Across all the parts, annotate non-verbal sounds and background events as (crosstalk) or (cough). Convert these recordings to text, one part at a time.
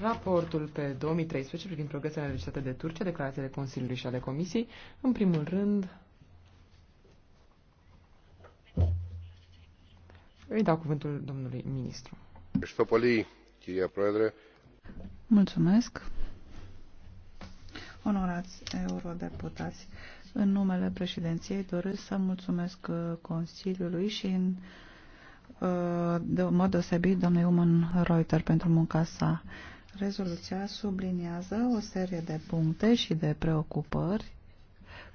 Raportul pe 2013 privind progresele realizate de Turcia, declarațiile Consiliului și ale Comisiei, în primul rând, îi dau cuvântul domnului ministru. Mulțumesc. Onorați eurodeputați, în numele președinției doresc să mulțumesc uh, Consiliului și în uh, de mod deosebit domnului Uman Reuter pentru munca sa. Rezoluția subliniază o serie de puncte și de preocupări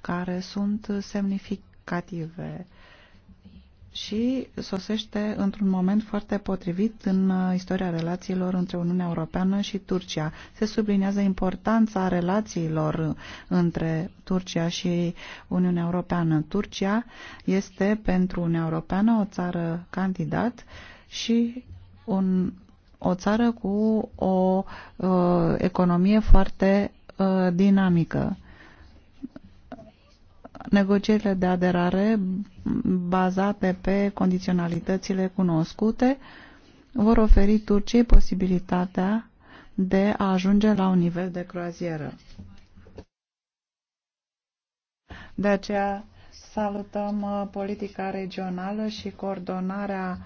care sunt semnificative și sosește într-un moment foarte potrivit în istoria relațiilor între Uniunea Europeană și Turcia. Se sublinează importanța relațiilor între Turcia și Uniunea Europeană. Turcia este pentru Uniunea Europeană o țară candidat și un o țară cu o uh, economie foarte uh, dinamică. Negocierile de aderare bazate pe condiționalitățile cunoscute vor oferi Turciei posibilitatea de a ajunge la un nivel de croazieră. De aceea salutăm uh, politica regională și coordonarea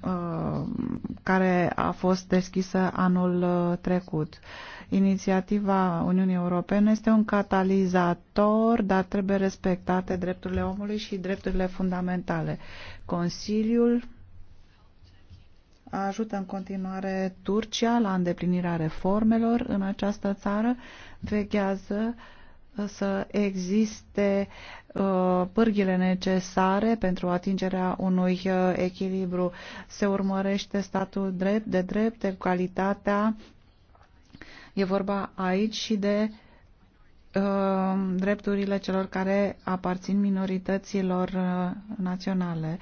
Uh, care a fost deschisă anul uh, trecut. Inițiativa Uniunii Europene este un catalizator, dar trebuie respectate drepturile omului și drepturile fundamentale. Consiliul ajută în continuare Turcia la îndeplinirea reformelor în această țară, vechează uh, să existe uh, pârghile necesare pentru atingerea unui uh, echilibru. Se urmărește statul drept, de drept, de calitatea. E vorba aici și de uh, drepturile celor care aparțin minorităților naționale.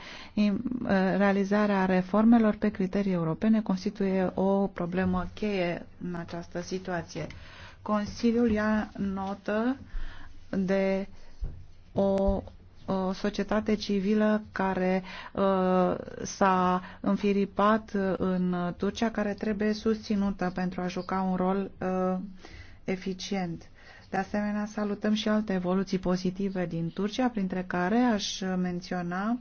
Realizarea reformelor pe criterii europene constituie o problemă cheie în această situație. Consiliul ia notă de o o societate civilă care uh, s-a înfiripat în Turcia, care trebuie susținută pentru a juca un rol uh, eficient. De asemenea, salutăm și alte evoluții pozitive din Turcia, printre care aș menționa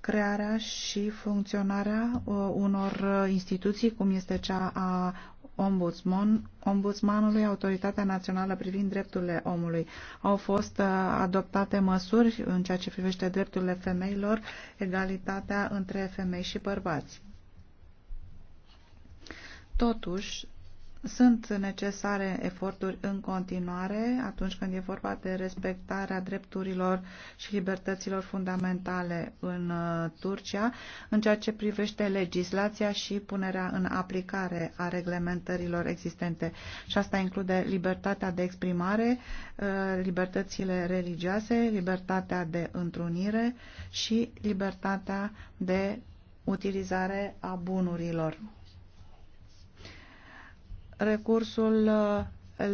crearea și funcționarea uh, unor uh, instituții, cum este cea a ombudsman, ombudsmanului, Autoritatea Națională privind drepturile omului. Au fost uh, adoptate măsuri în ceea ce privește drepturile femeilor, egalitatea între femei și bărbați. Totuși, sunt necesare eforturi în continuare atunci când e vorba de respectarea drepturilor și libertăților fundamentale în uh, Turcia, în ceea ce privește legislația și punerea în aplicare a reglementărilor existente. Și asta include libertatea de exprimare, uh, libertățile religioase, libertatea de întrunire și libertatea de utilizare a bunurilor recursul uh,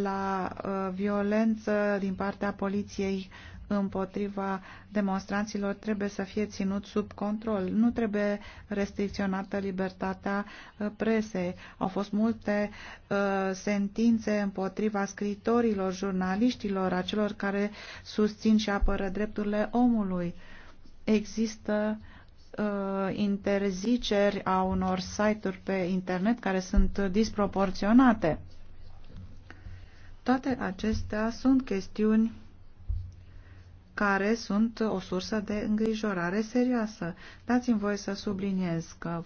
la uh, violență din partea poliției împotriva demonstranților trebuie să fie ținut sub control. Nu trebuie restricționată libertatea uh, presei. Au fost multe uh, sentințe împotriva scritorilor, jurnaliștilor, acelor care susțin și apără drepturile omului. Există uh, Uh, interziceri a unor site-uri pe internet care sunt disproporționate. Toate acestea sunt chestiuni care sunt o sursă de îngrijorare serioasă. Dați-mi voie să subliniez că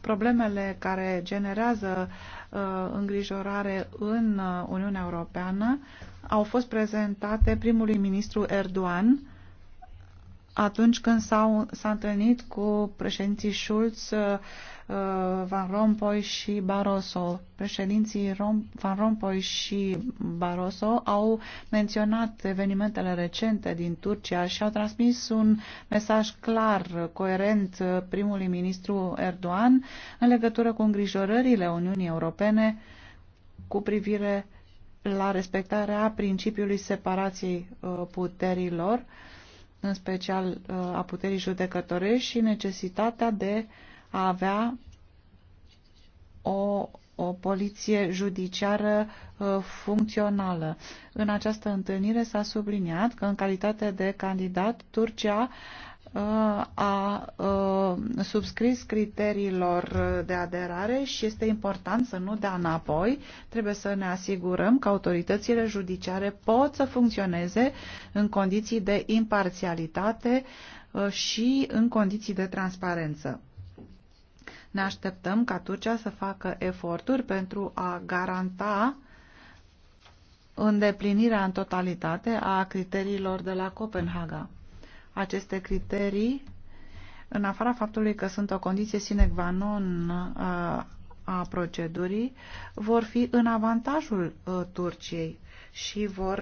problemele care generează uh, îngrijorare în uh, Uniunea Europeană au fost prezentate primului ministru Erdogan atunci când s-a întâlnit cu președinții Schulz, uh, Van Rompuy și Barroso. Președinții Van Rompuy și Barroso au menționat evenimentele recente din Turcia și au transmis un mesaj clar, coerent uh, primului ministru Erdogan în legătură cu îngrijorările Uniunii Europene cu privire la respectarea principiului separației uh, puterilor în special uh, a puterii judecătorești și necesitatea de a avea o, o poliție judiciară uh, funcțională. În această întâlnire s-a subliniat că în calitate de candidat Turcia a subscris criteriilor de aderare și este important să nu dea înapoi. Trebuie să ne asigurăm că autoritățile judiciare pot să funcționeze în condiții de imparțialitate și în condiții de transparență. Ne așteptăm ca Turcia să facă eforturi pentru a garanta îndeplinirea în totalitate a criteriilor de la Copenhaga aceste criterii, în afara faptului că sunt o condiție sine qua non uh, a procedurii, vor fi în avantajul uh, Turciei și vor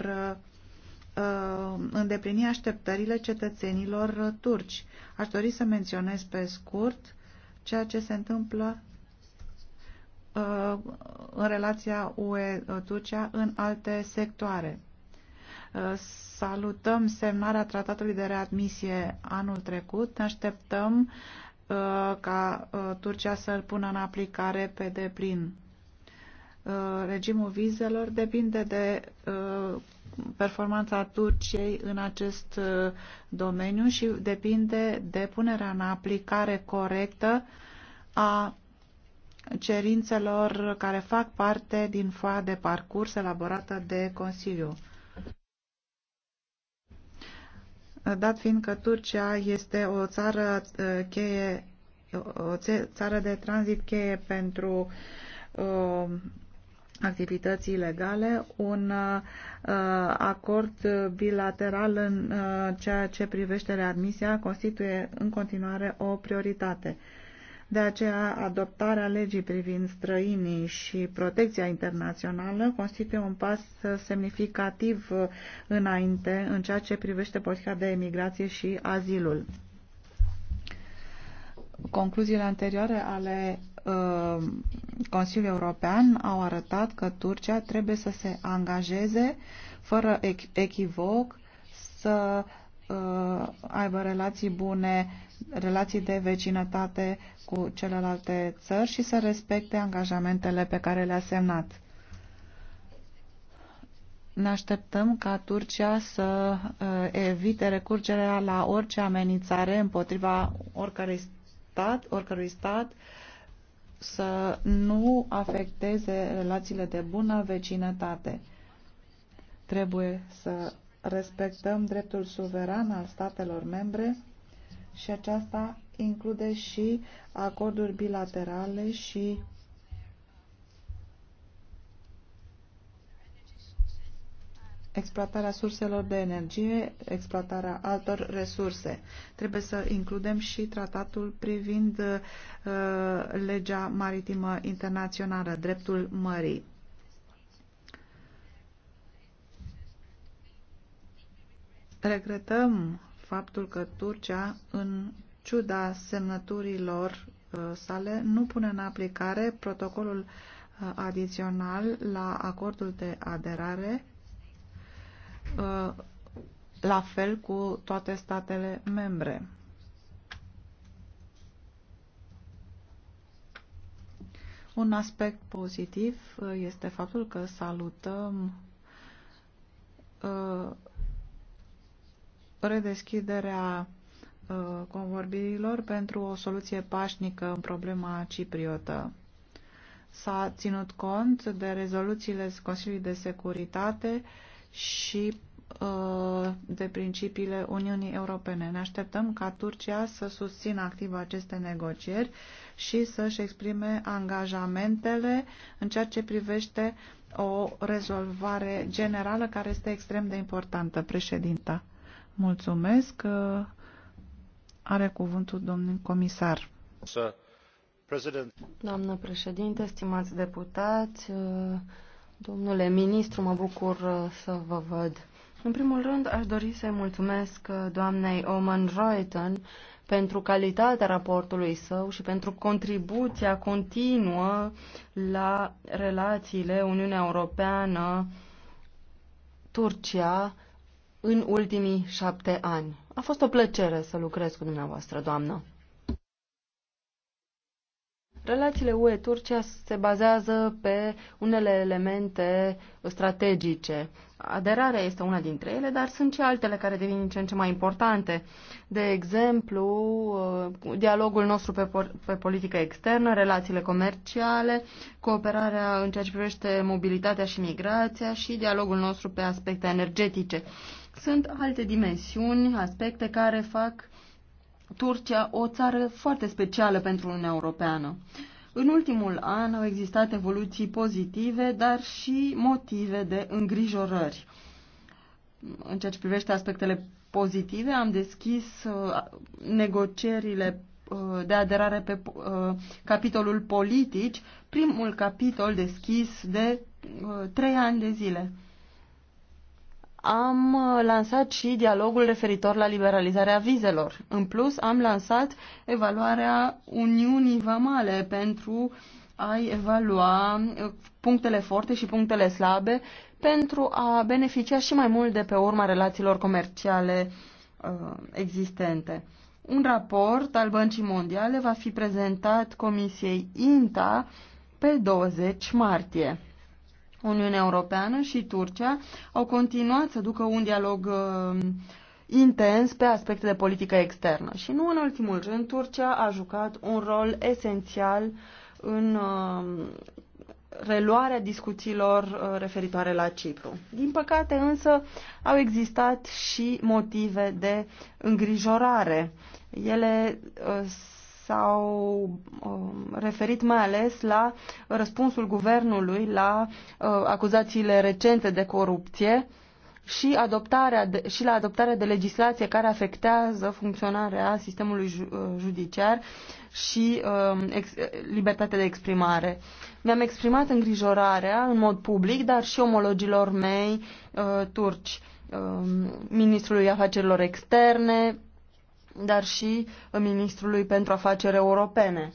uh, îndeplini așteptările cetățenilor turci. Aș dori să menționez pe scurt ceea ce se întâmplă în relația UE-Turcia în alte sectoare. Salutăm semnarea tratatului de readmisie anul trecut. Ne așteptăm uh, ca uh, Turcia să-l pună în aplicare pe deplin. Uh, regimul vizelor depinde de performanța Turciei în acest domeniu și depinde de punerea în aplicare corectă a cerințelor care fac parte din foaia de parcurs elaborată de Consiliu. dat fiind că Turcia este o țară uh, cheie, o țară de tranzit cheie pentru uh, activități ilegale, un uh, acord bilateral în ceea ce privește readmisia constituie în continuare o prioritate. De aceea, adoptarea legii privind străinii și protecția internațională constituie un pas semnificativ înainte în ceea ce privește politica de emigrație și azilul. Concluziile anterioare ale uh, Consiliului European au arătat că Turcia trebuie să se angajeze fără echivoc să uh, Uh, aibă relații bune, relații de vecinătate cu celelalte țări și să respecte angajamentele pe care le-a semnat. Ne așteptăm ca Turcia să uh, evite recurgerea la orice amenințare împotriva oricărui stat, oricărui stat să nu afecteze relațiile de bună vecinătate. Trebuie să respectăm dreptul suveran al statelor membre și aceasta include și acorduri bilaterale și exploatarea surselor de energie, exploatarea altor resurse. Trebuie să includem și tratatul privind uh, legea maritimă internațională, dreptul mării. Regretăm faptul că Turcia, în ciuda semnăturilor uh, sale, nu pune în aplicare protocolul uh, adițional la acordul de aderare, uh, la fel cu toate statele membre. Un aspect pozitiv este faptul că salutăm redeschiderea uh, convorbirilor pentru o soluție pașnică în problema cipriotă. S-a ținut cont de rezoluțiile Consiliului de Securitate și uh, de principiile Uniunii Europene. Ne așteptăm ca Turcia să susțină activ aceste negocieri și să-și exprime angajamentele în ceea ce privește o rezolvare generală care este extrem de importantă, președinta. Mulțumesc. Are cuvântul domnul comisar. Doamnă președinte, stimați deputați, domnule ministru, mă bucur să vă văd. În primul rând, aș dori să-i mulțumesc doamnei Oman Reuten pentru calitatea raportului său și pentru contribuția continuă la relațiile Uniunea Europeană-Turcia în ultimii șapte ani. A fost o plăcere să lucrez cu dumneavoastră, doamnă. Relațiile UE-Turcia se bazează pe unele elemente strategice. Aderarea este una dintre ele, dar sunt și altele care devin din ce în ce mai importante. De exemplu, uh, dialogul nostru pe, pe politică externă, relațiile comerciale, cooperarea în ceea ce privește mobilitatea și migrația și dialogul nostru pe aspecte energetice. Sunt alte dimensiuni, aspecte care fac Turcia o țară foarte specială pentru Uniunea Europeană. În ultimul an au existat evoluții pozitive, dar și motive de îngrijorări. În ceea ce privește aspectele pozitive, am deschis uh, negocierile uh, de aderare pe uh, capitolul politici, primul capitol deschis de trei ani de zile am uh, lansat și dialogul referitor la liberalizarea vizelor. În plus, am lansat evaluarea Uniunii Vamale pentru a evalua uh, punctele forte și punctele slabe pentru a beneficia și mai mult de pe urma relațiilor comerciale uh, existente. Un raport al Băncii Mondiale va fi prezentat Comisiei INTA pe 20 martie. Uniunea Europeană și Turcia au continuat să ducă un dialog uh, intens pe aspecte de politică externă. Și nu în ultimul rând, Turcia a jucat un rol esențial în uh, reluarea discuțiilor uh, referitoare la Cipru. Din păcate însă au existat și motive de îngrijorare. Ele uh, s-au um, referit mai ales la răspunsul guvernului la uh, acuzațiile recente de corupție și, adoptarea de, și la adoptarea de legislație care afectează funcționarea sistemului uh, judiciar și uh, ex, libertatea de exprimare. Mi-am exprimat îngrijorarea în mod public, dar și omologilor mei uh, turci, uh, ministrului afacerilor externe, dar și ministrului pentru afaceri europene.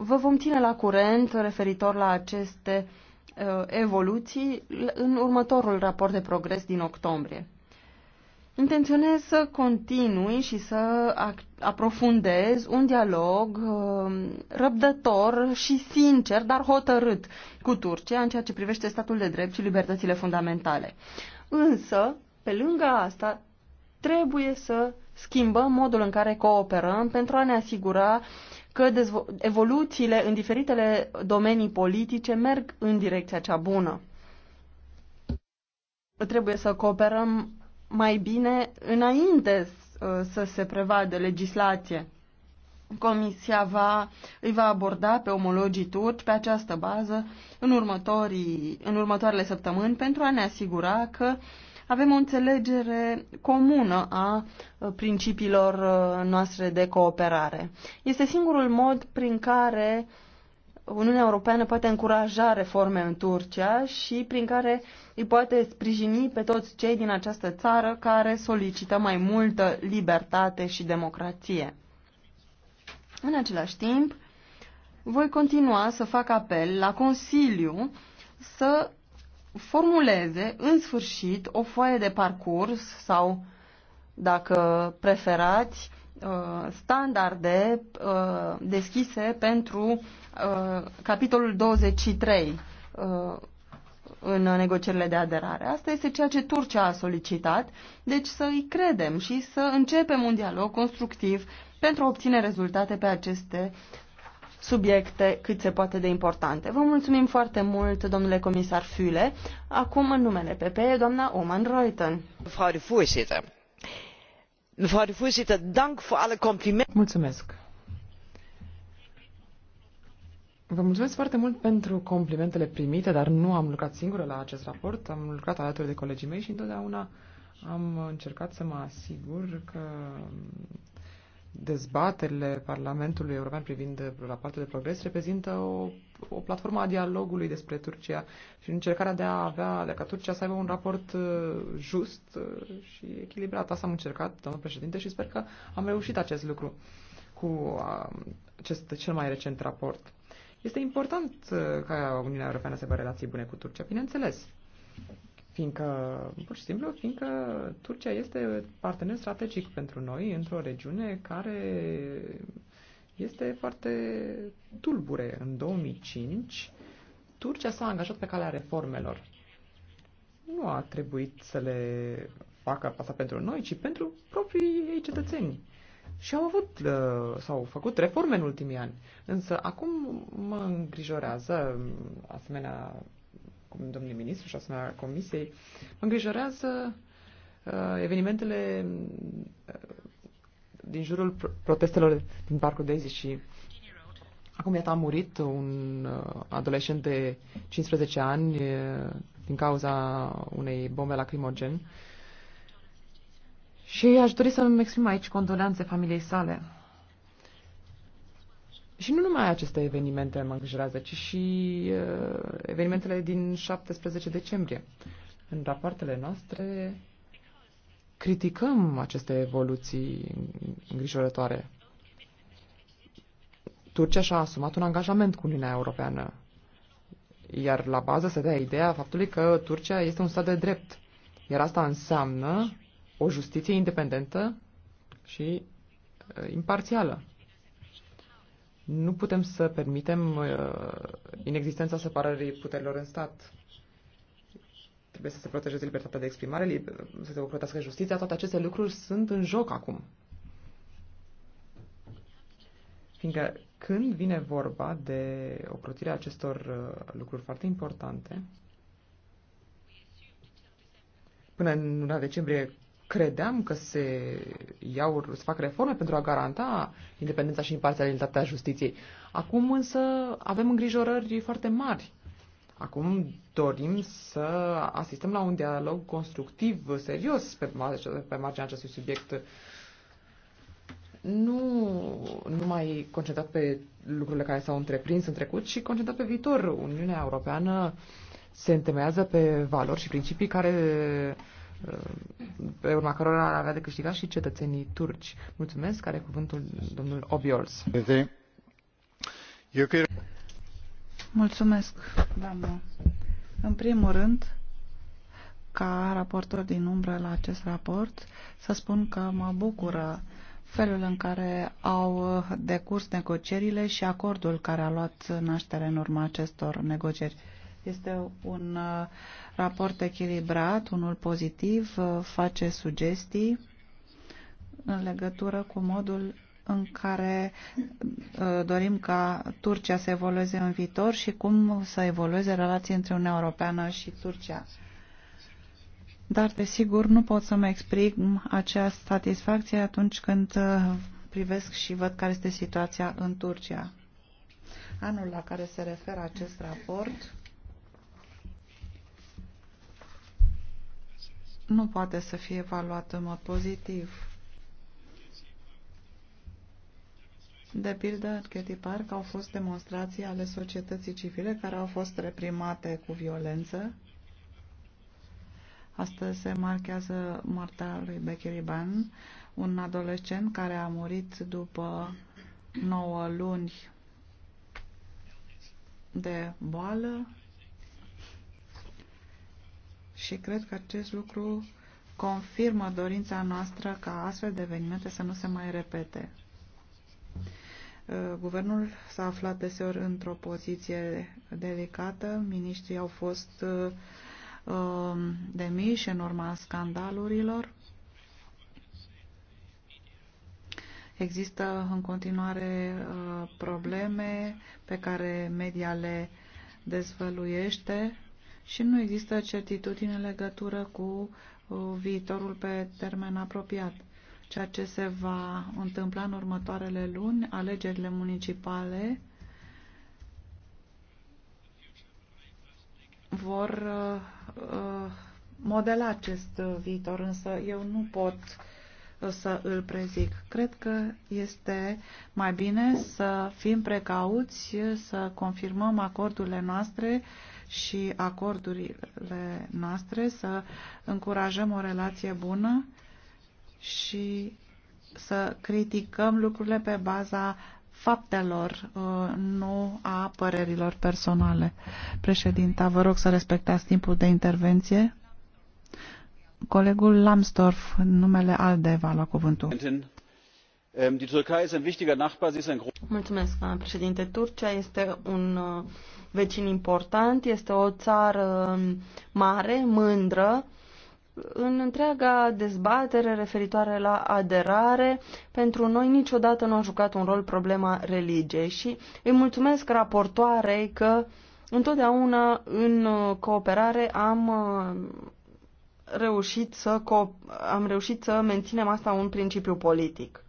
Vă vom ține la curent referitor la aceste uh, evoluții în următorul raport de progres din octombrie. Intenționez să continui și să aprofundez un dialog uh, răbdător și sincer, dar hotărât cu Turcia în ceea ce privește statul de drept și libertățile fundamentale. Însă, pe lângă asta, trebuie să schimbăm modul în care cooperăm pentru a ne asigura că evoluțiile în diferitele domenii politice merg în direcția cea bună. Trebuie să cooperăm mai bine înainte uh, să se prevadă legislație. Comisia va, îi va aborda pe omologii turci pe această bază în, următorii, în următoarele săptămâni pentru a ne asigura că uh, avem o înțelegere comună a uh, principiilor uh, noastre de cooperare. Este singurul mod prin care Uniunea Europeană poate încuraja reforme în Turcia și prin care îi poate sprijini pe toți cei din această țară care solicită mai multă libertate și democrație. În același timp, voi continua să fac apel la Consiliu să formuleze în sfârșit o foaie de parcurs sau, dacă preferați, uh, standarde uh, deschise pentru uh, capitolul 23 în negocierile de aderare. Asta este ceea ce Turcia a solicitat, deci să îi credem și să începem un dialog constructiv pentru a obține rezultate pe aceste subiecte cât se poate de importante. Vă mulțumim foarte mult, domnule comisar Füle. Acum, în numele PPE, doamna Oman Reuten. Mulțumesc. Vă mulțumesc foarte mult pentru complimentele primite, dar nu am lucrat singură la acest raport, am lucrat alături de colegii mei și întotdeauna am încercat să mă asigur că dezbaterile Parlamentului European privind rapoartele de progres reprezintă o, o platformă a dialogului despre Turcia și încercarea de a avea, de ca Turcia să aibă un raport uh, just uh, și echilibrat. Asta am încercat, domnul președinte, și sper că am reușit acest lucru cu um, acest cel mai recent raport. Este important uh, ca Uniunea Europeană să aibă relații bune cu Turcia, bineînțeles. Fiindcă, pur și simplu, fiindcă Turcia este partener strategic pentru noi într-o regiune care este foarte tulbure. În 2005, Turcia s-a angajat pe calea reformelor. Nu a trebuit să le facă asta pentru noi, ci pentru proprii ei cetățeni. Și au avut, uh, s-au făcut reforme în ultimii ani. Însă acum mă îngrijorează um, asemenea domnului ministru și asupra comisiei. Mă îngrijorează uh, evenimentele uh, din jurul protestelor din Parcul Daisy și acum iată a murit un uh, adolescent de 15 ani uh, din cauza unei bombe lacrimogen. Și aș dori să-mi exprim aici condoleanțe familiei sale. Și nu numai aceste evenimente mă îngrijorează, ci și uh, evenimentele din 17 decembrie. În rapoartele noastre criticăm aceste evoluții îngrijorătoare. Turcia și-a asumat un angajament cu Uniunea Europeană, iar la bază se dea ideea faptului că Turcia este un stat de drept, iar asta înseamnă o justiție independentă și uh, imparțială. Nu putem să permitem uh, inexistența separării puterilor în stat. Trebuie să se protejeze libertatea de exprimare, liber, să se ocrotească justiția. Toate aceste lucruri sunt în joc acum. Fiindcă când vine vorba de ocrotirea acestor uh, lucruri foarte importante, până în luna decembrie credeam că se, iau, se fac reforme pentru a garanta independența și imparțialitatea justiției. Acum însă avem îngrijorări foarte mari. Acum dorim să asistăm la un dialog constructiv, serios, pe, pe marginea acestui subiect, nu numai concentrat pe lucrurile care s-au întreprins în trecut, ci concentrat pe viitor. Uniunea Europeană se întemeiază pe valori și principii care pe urma cărora ar avea de câștigat și cetățenii turci. Mulțumesc, care cuvântul domnul Obiols. Mulțumesc, doamnă. În primul rând, ca raportor din umbră la acest raport, să spun că mă bucură felul în care au decurs negocierile și acordul care a luat naștere în urma acestor negocieri. Este un uh, raport echilibrat, unul pozitiv, uh, face sugestii în legătură cu modul în care uh, dorim ca Turcia să evolueze în viitor și cum să evolueze relații între Uniunea Europeană și Turcia. Dar, desigur, nu pot să-mi exprim acea satisfacție atunci când privesc și văd care este situația în Turcia. Anul la care se referă acest raport nu poate să fie evaluat în mod pozitiv. De pildă, în Getty Park au fost demonstrații ale societății civile care au fost reprimate cu violență. Astăzi se marchează moartea lui Ban, un adolescent care a murit după 9 luni de boală și cred că acest lucru confirmă dorința noastră ca astfel de evenimente să nu se mai repete. Uh, guvernul s-a aflat deseori într-o poziție delicată, miniștrii au fost uh, um, demiși în urma scandalurilor. Există în continuare uh, probleme pe care media le dezvăluiește și nu există certitudine în legătură cu uh, viitorul pe termen apropiat. Ceea ce se va întâmpla în următoarele luni, alegerile municipale vor uh, uh, modela acest viitor, însă eu nu pot să îl prezic. Cred că este mai bine să fim precauți, să confirmăm acordurile noastre uh, și acordurile noastre, să încurajăm o relație bună și să criticăm lucrurile pe baza faptelor, uh, nu a părerilor personale. Președinta, vă rog să respectați timpul de intervenție. Colegul Lamstorf, numele va la cuvântul. Ähm, mulțumesc, președinte. Turcia este un uh, vecin important, este o țară um, mare, mândră. În întreaga dezbatere referitoare la aderare, pentru noi niciodată nu a jucat un rol problema religiei și îi mulțumesc raportoarei că întotdeauna în uh, cooperare am uh, reușit să, co- am reușit să menținem asta un principiu politic.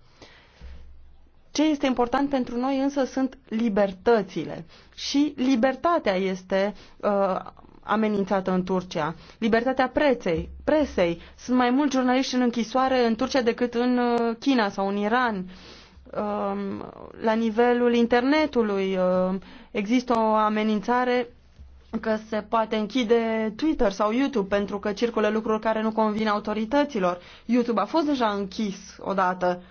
Ce este important pentru noi însă sunt libertățile. Și libertatea este uh, amenințată în Turcia. Libertatea preței, presei. Sunt mai mulți jurnaliști în închisoare în Turcia decât în uh, China sau în Iran. Um, la nivelul internetului uh, există o amenințare că se poate închide Twitter sau YouTube pentru că circulă lucruri care nu convin autorităților. YouTube a fost deja închis odată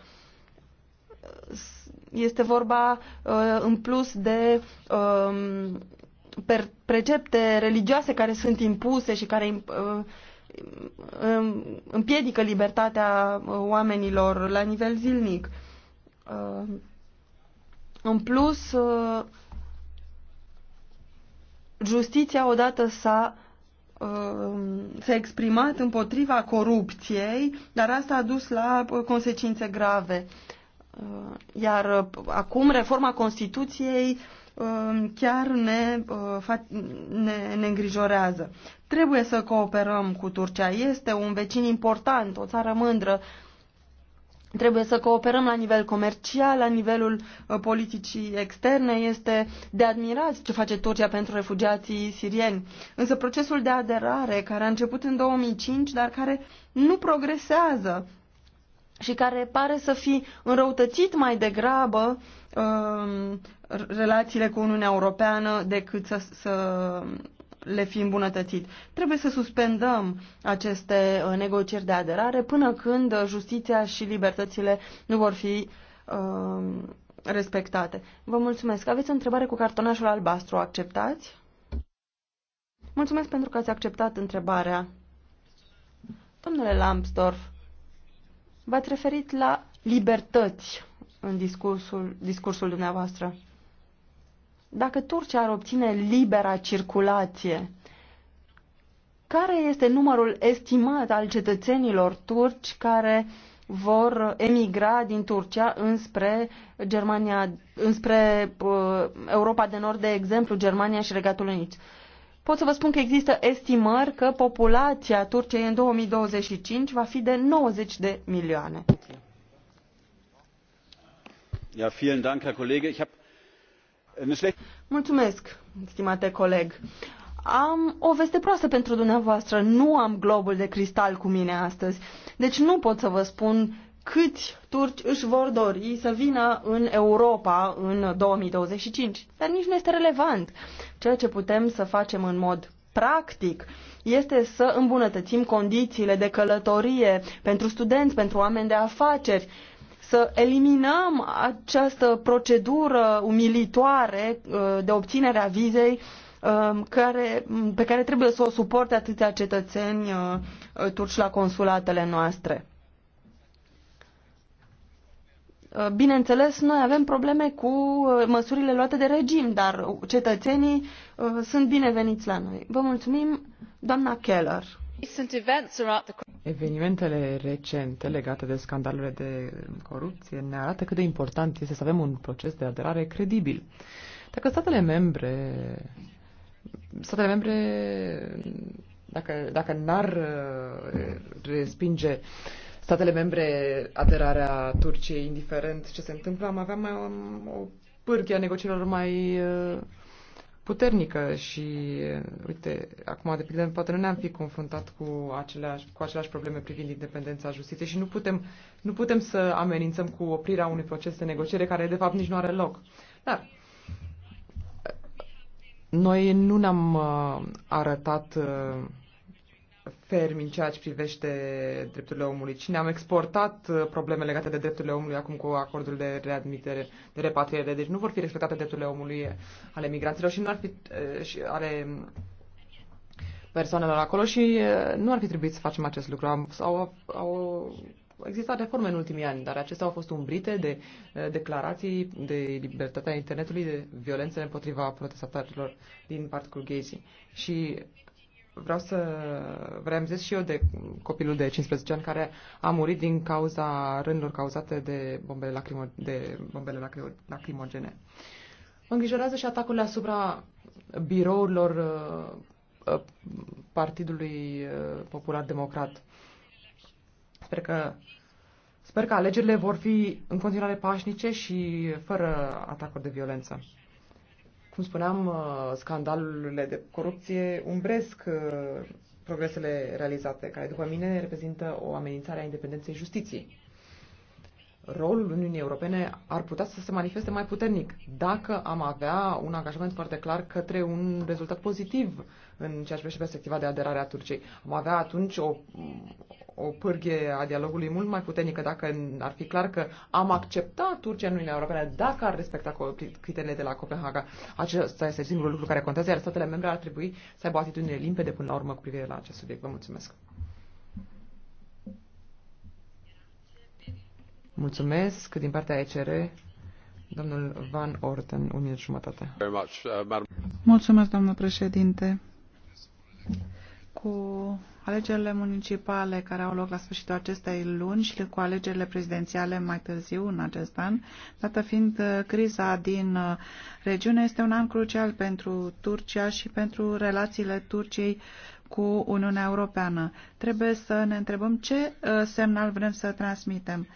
este vorba uh, în plus de um, precepte religioase care sunt impuse și care uh, um, împiedică libertatea uh, oamenilor la nivel zilnic. În plus, justiția odată s-a um, s-a exprimat împotriva corupției, dar asta a dus la consecințe grave. Uh, iar uh, acum reforma Constituției uh, chiar ne, ne, ne îngrijorează. Trebuie să cooperăm cu Turcia. Este un vecin important, o țară mândră. Trebuie să cooperăm la nivel comercial, la nivelul politicii externe. Este de admirat ce face Turcia pentru refugiații sirieni. Însă procesul de aderare, care a început în 2005, dar care nu progresează, și care pare să fi înrăutățit mai degrabă um, relațiile cu Uniunea Europeană decât să, să le fi îmbunătățit. Trebuie să suspendăm aceste uh, negocieri de aderare până când justiția și libertățile nu vor fi um, respectate. Vă mulțumesc. Aveți o întrebare cu cartonașul albastru. Acceptați? Mulțumesc pentru că ați acceptat întrebarea. Domnule Lambsdorff, V-ați referit la libertăți în discursul, discursul dumneavoastră. Dacă Turcia ar obține libera circulație, care este numărul estimat al cetățenilor turci care vor emigra din Turcia înspre Germania, înspre uh, Europa de Nord, de exemplu, Germania și Regatul Unit? pot să vă spun că există estimări că populația Turciei în 2025 va fi de 90 de milioane. Ja, vielen Dank, Herr Kollege. Ich äh, eine schlechte... Mulțumesc, stimate coleg. Am o veste proastă pentru dumneavoastră. Nu am globul de cristal cu mine astăzi. Deci nu pot să vă spun câți turci își vor dori să vină în Europa în 2025. Dar nici nu este relevant. Ceea ce putem să facem în mod practic este să îmbunătățim condițiile de călătorie pentru studenți, pentru oameni de afaceri, să eliminăm această procedură umilitoare uh, de obținere a vizei uh, care, pe care trebuie să o suporte atâția cetățeni uh, turci la consulatele noastre. Uh, bineînțeles, noi avem probleme cu uh, măsurile luate de regim, dar cetățenii uh, sunt bineveniți la noi. Vă mulțumim, doamna Keller. Evenimentele recente legate de scandalurile de corupție ne arată cât de important este să avem un proces de aderare credibil. Dacă statele membre, statele membre dacă, dacă n-ar respinge uh, statele membre aderarea Turciei, indiferent ce se întâmplă, am avea mai o pârghie a negocierilor mai uh, puternică și, uh, uite, acum, de pildă, poate nu ne-am fi confruntat cu aceleași, cu aceleași probleme privind independența justiției și nu putem, nu putem să amenințăm cu oprirea unui proces de negociere care, de fapt, nici nu are loc. Dar uh, noi nu ne-am arătat fermi în ceea ce privește drepturile omului Cine am exportat uh, probleme legate de drepturile omului acum cu acordul de readmitere, de repatriere. Deci nu vor fi respectate drepturile omului uh, ale migranților și nu ar fi uh, și ale um, persoanelor acolo și nu ar fi trebuit să facem acest lucru. Am, au, au existat reforme în ultimii ani, dar acestea au fost umbrite de declarații de libertatea internetului, de violențele împotriva protestatarilor din parcul Gezi. Și vreau să reamizez și eu de copilul de 15 ani care a murit din cauza rândurilor cauzate de bombele, lacrimo, de bombele lacrimogene. Mă îngrijorează și atacurile asupra birourilor uh, uh, Partidului uh, Popular Democrat. Sper că Sper că alegerile vor fi în continuare pașnice și fără atacuri de violență cum spuneam, uh, scandalurile de corupție umbresc uh, progresele realizate, care, după mine, reprezintă o amenințare a independenței justiției. Rolul Uniunii Europene ar putea să se manifeste mai puternic dacă am avea un angajament foarte clar către un rezultat pozitiv în ceea ce privește perspectiva de aderare a Turciei. Am avea atunci o, o pârghie a dialogului mult mai puternică dacă ar fi clar că am acceptat Turcia în Uniunea Europeană dacă ar respecta criteriile de la Copenhaga. Acesta este singurul lucru care contează, iar statele membre ar trebui să aibă o atitudine limpede până la urmă cu privire la acest subiect. Vă mulțumesc! Mulțumesc din partea ECR. Domnul Van Orten, un minut jumătate. Uh, mulțumesc, doamnă președinte cu alegerile municipale care au loc la sfârșitul acestei luni și cu alegerile prezidențiale mai târziu în acest an, dată fiind uh, criza din uh, regiune, este un an crucial pentru Turcia și pentru relațiile Turciei cu Uniunea Europeană. Trebuie să ne întrebăm ce uh, semnal vrem să transmitem.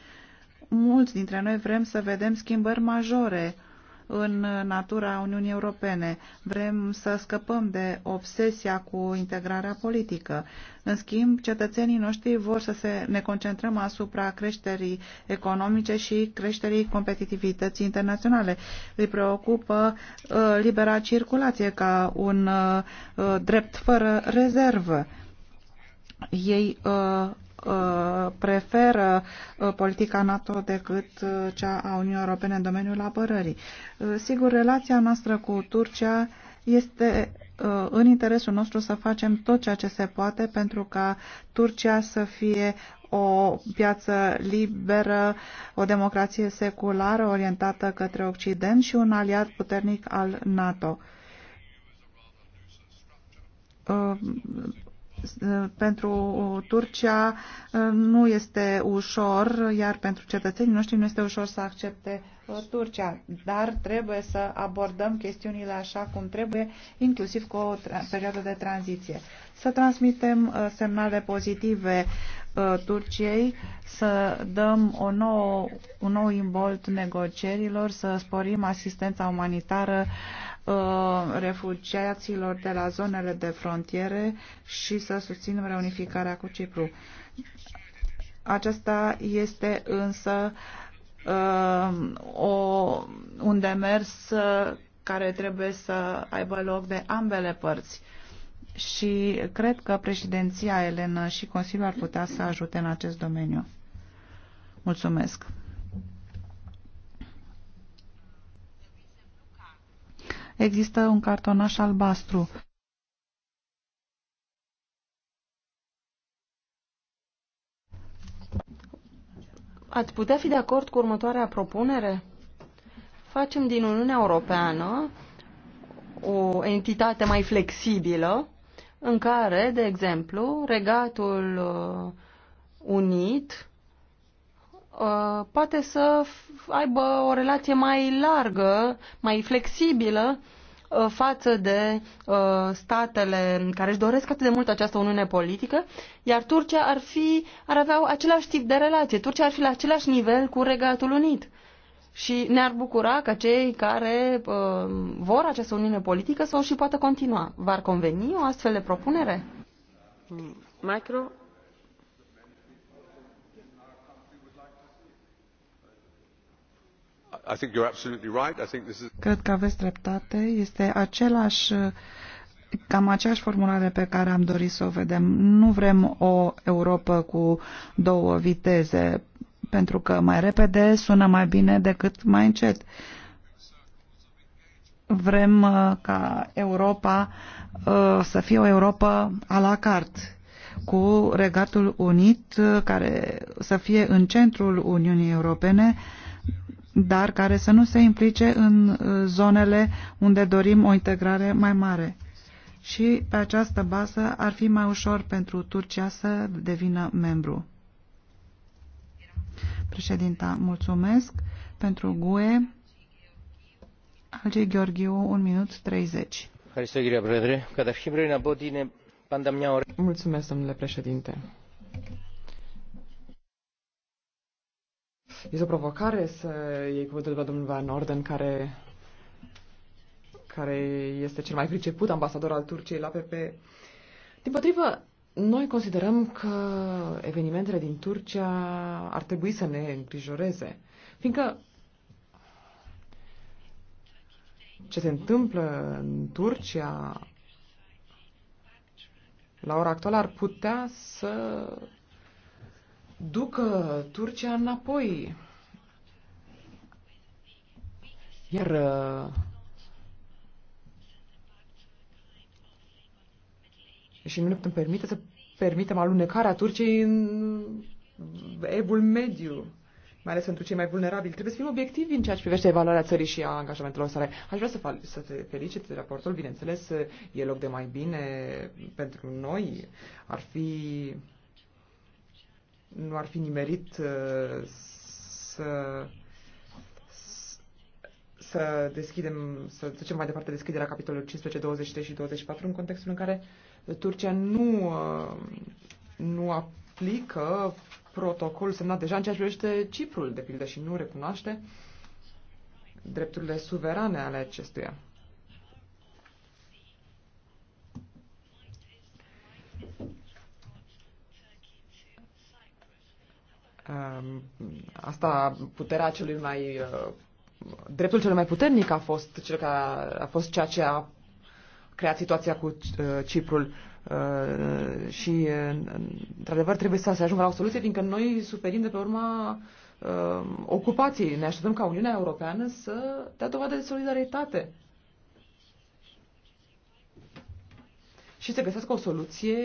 Mulți dintre noi vrem să vedem schimbări majore în natura Uniunii Europene. Vrem să scăpăm de obsesia cu integrarea politică. În schimb, cetățenii noștri vor să se, ne concentrăm asupra creșterii economice și creșterii competitivității internaționale. Îi preocupă uh, libera circulație ca un uh, drept fără rezervă. Ei uh, Uh, preferă uh, politica NATO decât uh, cea a Uniunii Europene în domeniul apărării. Sigur, relația noastră cu Turcia este în interesul nostru să facem tot ceea ce se poate pentru ca Turcia să fie o piață liberă, o democrație seculară orientată către Occident și un aliat puternic al NATO pentru Turcia uh, nu este ușor, iar pentru cetățenii noștri nu este ușor să accepte uh, Turcia, dar trebuie să abordăm chestiunile așa cum trebuie, inclusiv cu o perioadă de tranziție. Să transmitem uh, semnale pozitive Uh, Turciei să dăm o nouă, un nou imbolt negocierilor, să sporim asistența umanitară uh, refugiaților de la zonele de frontiere și să susținem reunificarea cu Cipru. Aceasta este însă uh, o, un demers care trebuie să aibă loc de ambele părți și cred că președinția Elena și Consiliul ar putea să ajute în acest domeniu. Mulțumesc. Există un cartonaș albastru. Ați putea fi de acord cu următoarea propunere? Facem din Uniunea Europeană o entitate mai flexibilă în care, de exemplu, Regatul uh, Unit uh, poate să aibă o relație mai largă, mai flexibilă uh, față de statele care își doresc atât de mult această uniune politică, iar Turcia ar, fi, ar avea același tip de relație. Turcia ar fi la același nivel cu Regatul Unit și ne-ar bucura că cei care uh, vor această uniune politică să o și poată continua. V-ar conveni o astfel de propunere? Micro. I think you're absolutely right. I think this is... Cred că aveți dreptate. Este același cam aceeași formulare pe care am dorit să o vedem. Nu vrem o Europa cu două viteze pentru că mai repede sună mai bine decât mai încet. Vrem uh, ca Europa uh, să fie o Europa a la carte cu Regatul Unit uh, care să fie în centrul Uniunii Europene, dar care să nu se implice în zonele unde dorim o integrare mai mare. Și pe această bază ar fi mai ușor pentru Turcia să devină membru. Președinta, mulțumesc. Pentru GUE, Alge Gheorghiu, 1 minut 30. Mulțumesc, domnule președinte. Este o provocare să iei cuvântul pe domnul Van Orden, care, care este cel mai priceput ambasador al Turciei la PP. Din potrivă, noi considerăm că evenimentele din Turcia ar trebui să ne îngrijoreze, fiindcă ce se întâmplă în Turcia la ora actuală ar putea să ducă Turcia înapoi. Iar uh, și nu ne putem permite să permitem alunecarea Turciei în evul mediu mai ales pentru cei mai vulnerabili. Trebuie să fim obiectivi în ceea ce privește evaluarea țării și a angajamentelor sale. Aș vrea să, fal- să te felicit raportul, bineînțeles, e loc de mai bine pentru noi. Ar fi... Nu ar fi nimerit uh, să să deschidem, să ducem mai departe deschiderea capitolului 15, 20 și 24 în contextul în care uh, Turcia nu, uh, nu aplică protocolul semnat deja în ceea ce privește Ciprul, de pildă, și nu recunoaște drepturile suverane ale acestuia. Um, asta, puterea celui mai uh, dreptul cel mai puternic a fost, cel care a, a fost ceea ce a creat situația cu uh, Ciprul uh, și, uh, într-adevăr, trebuie să se ajungă la o soluție, fiindcă noi suferim de pe urma ocupației. Ne așteptăm ca Uniunea Europeană să dea dovadă de solidaritate și să găsească o soluție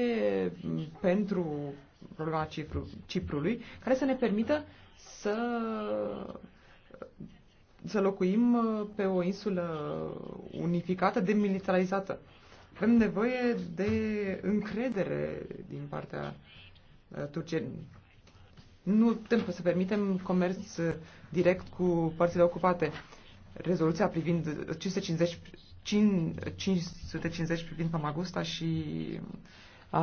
pentru problema Cipru, Ciprului, care să ne permită să să locuim uh, pe o insulă unificată, demilitarizată. Avem nevoie de încredere din partea uh, Turciei. Nu putem să permitem comerț uh, direct cu părțile ocupate. Rezoluția privind 550, 550 privind Famagusta și a,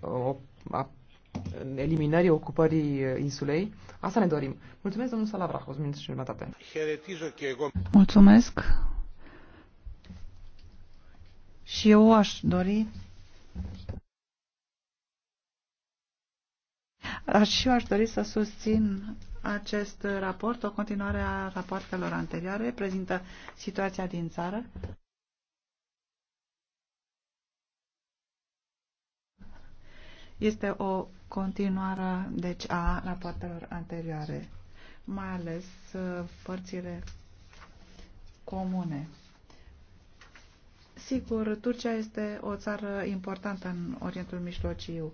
a, a eliminării ocupării uh, insulei. Asta ne dorim. Mulțumesc, domnul Salavrahos, minut și jumătate. Mulțumesc. Și eu aș dori Aș Și eu aș dori să susțin acest raport, o continuare a rapoartelor anterioare, prezintă situația din țară. Este o continuare, deci, a rapoartelor anterioare, mai ales uh, părțile comune. Sigur, Turcia este o țară importantă în Orientul Mijlociu.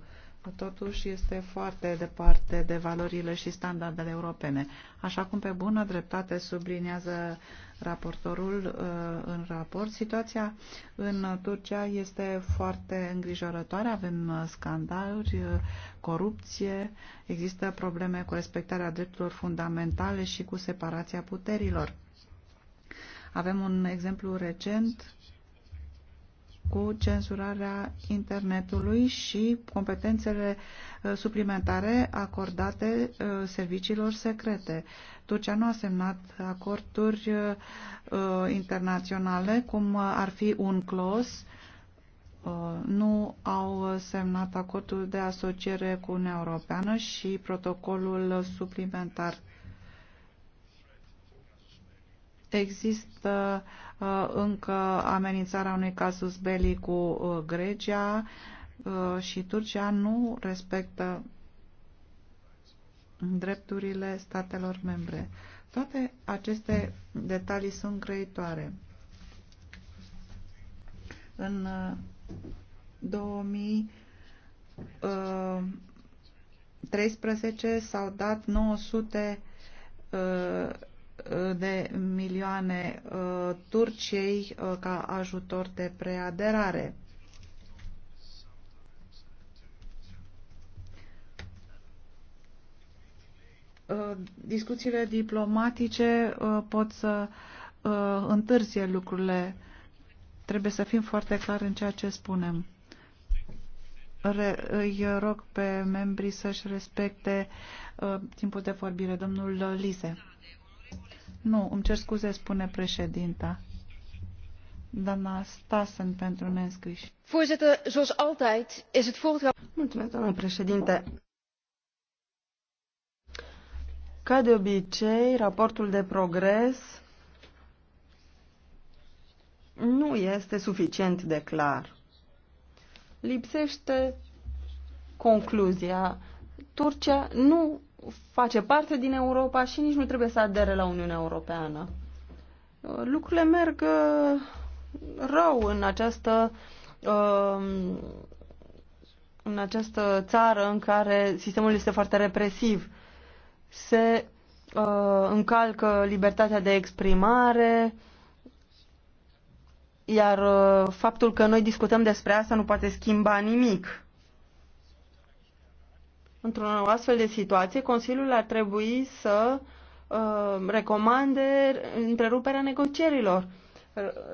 Totuși este foarte departe de valorile și standardele europene. Așa cum pe bună dreptate subliniază raportorul uh, în raport. Situația în Turcia este foarte îngrijorătoare. Avem uh, scandaluri, uh, corupție, există probleme cu respectarea drepturilor fundamentale și cu separația puterilor. Avem un exemplu recent cu cenzurarea internetului și competențele suplimentare acordate serviciilor secrete. Turcia nu a semnat acorduri uh, internaționale, cum ar fi un clos, uh, nu au semnat acordul de asociere cu Uniunea Europeană și protocolul suplimentar. Există uh, încă amenințarea unui casus belli cu uh, Grecia uh, și Turcia nu respectă drepturile statelor membre. Toate aceste detalii sunt creitoare. În 2013 uh, uh, s-au dat 900 uh, de milioane Turciei ca ajutor de preaderare. Uh, discuțiile diplomatice uh, pot să uh, întârzie lucrurile. Trebuie să fim foarte clari în ceea ce spunem. Re, îi rog pe membrii să-și respecte uh, timpul de vorbire. Domnul Lize. Nu, îmi cer scuze, spune președinta. Doamna Stassen pentru neînscriși. Mulțumesc, doamna președinte. Ca de obicei, raportul de progres nu este suficient de clar. Lipsește concluzia. Turcia nu face parte din Europa și nici nu trebuie să adere la Uniunea Europeană. Lucrurile merg uh, rău în această uh, în această țară în care sistemul este foarte represiv se uh, încalcă libertatea de exprimare, iar uh, faptul că noi discutăm despre asta nu poate schimba nimic. Într-o astfel de situație, Consiliul ar trebui să uh, recomande întreruperea negocierilor.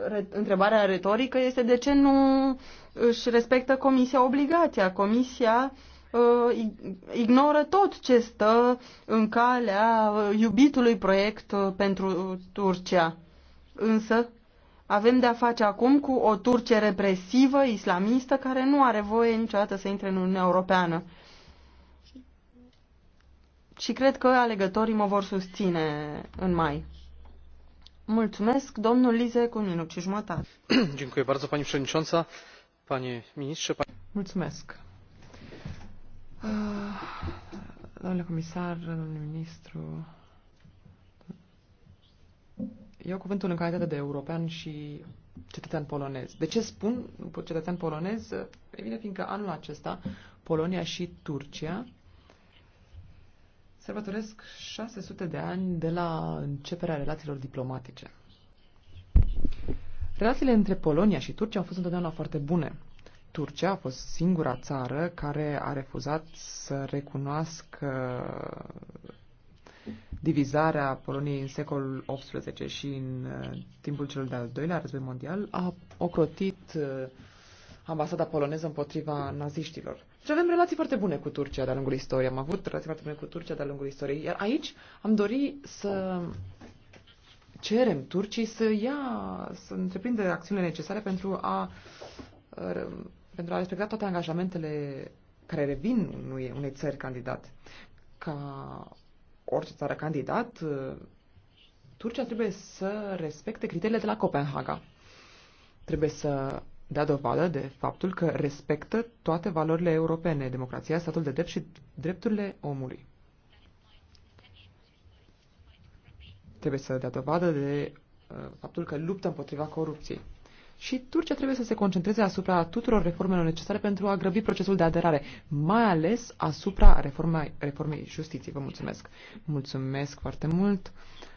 Re întrebarea retorică este de ce nu își respectă Comisia obligația. Comisia uh, Uh, ignoră tot ce stă în calea uh, iubitului proiect uh, pentru Turcia. Însă, avem de-a face acum cu o Turcie represivă, islamistă, care nu are voie niciodată să intre în Uniunea Europeană. Și cred că alegătorii mă vor susține în mai. Mulțumesc, domnul Lize, cu minut și jumătate. panie Mulțumesc. Ah, domnule comisar, domnule ministru, eu cuvântul în calitate de european și cetățean polonez. De ce spun cetățean polonez? E bine, fiindcă anul acesta Polonia și Turcia sărbătoresc 600 de ani de la începerea relațiilor diplomatice. Relațiile între Polonia și Turcia au fost întotdeauna foarte bune. Turcia a fost singura țară care a refuzat să recunoască uh, divizarea Poloniei în secolul XVIII și în uh, timpul celor de-al doilea război mondial a ocrotit uh, ambasada poloneză împotriva naziștilor. Deci avem relații foarte bune cu Turcia de-a lungul istoriei. Am avut relații foarte bune cu Turcia de-a lungul istoriei. Iar aici am dori să cerem turcii să ia, să întreprindă acțiunile necesare pentru a pentru a respecta toate angajamentele care revin unui, unei țări candidat. Ca orice țară candidat, Turcia trebuie să respecte criteriile de la Copenhaga. Trebuie să dea dovadă de faptul că respectă toate valorile europene, democrația, statul de drept și drepturile omului. Trebuie să dea dovadă de uh, faptul că luptă împotriva corupției și Turcia trebuie să se concentreze asupra tuturor reformelor necesare pentru a grăbi procesul de aderare, mai ales asupra reformei, reformei justiției. Vă mulțumesc! Mulțumesc foarte mult!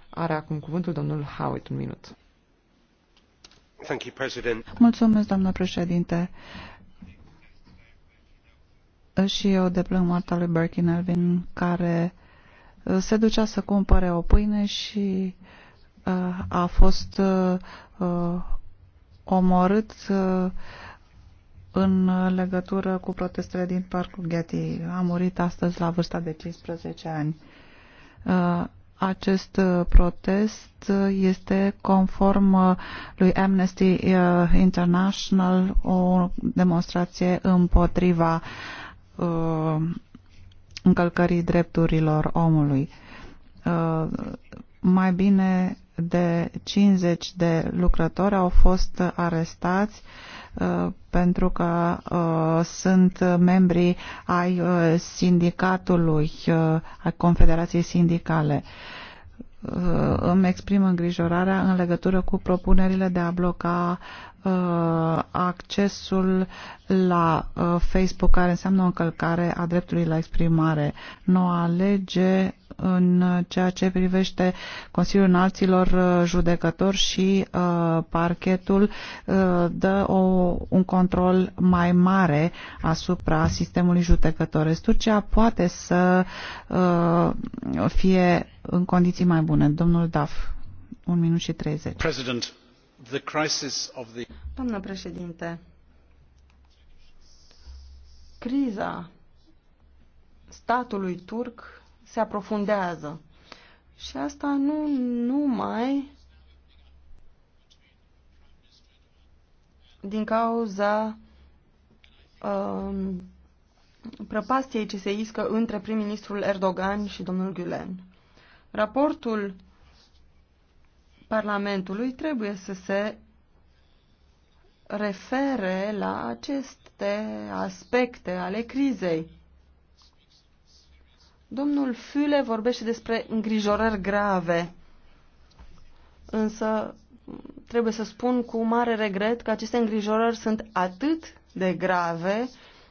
Are acum cuvântul domnul Howitt, un minut. Mulțumesc, doamnă președinte. Și eu deplâng moartea lui Birkin Elvin, care uh, se ducea să cumpere o pâine și uh, a fost uh, omorât uh, în legătură cu protestele din Parcul Ghetti. A murit astăzi la vârsta de 15 ani. Uh, acest uh, protest este conform lui Amnesty International o demonstrație împotriva încălcării drepturilor omului. Mai bine de 50 de lucrători au fost arestați uh, pentru că uh, sunt membri ai uh, sindicatului, ai Confederației Sindicale. Îmi exprim îngrijorarea în legătură cu propunerile de a bloca Uh, accesul la uh, Facebook, care înseamnă o încălcare a dreptului la exprimare. Noua lege în ceea ce privește Consiliul Înalților uh, Judecători și uh, parchetul dă o, un control mai mare asupra sistemului judecătoresc. Turcia poate să uh, fie în condiții mai bune. Domnul Daf, un minut și 30. President. Doamnă președinte, criza statului turc se aprofundează. Și asta nu numai din cauza um, prăpastiei ce se iscă între prim-ministrul Erdogan și domnul Gülen. Raportul Parlamentului trebuie să se refere la aceste aspecte ale crizei. Domnul Füle vorbește despre îngrijorări grave, însă trebuie să spun cu mare regret că aceste îngrijorări sunt atât de grave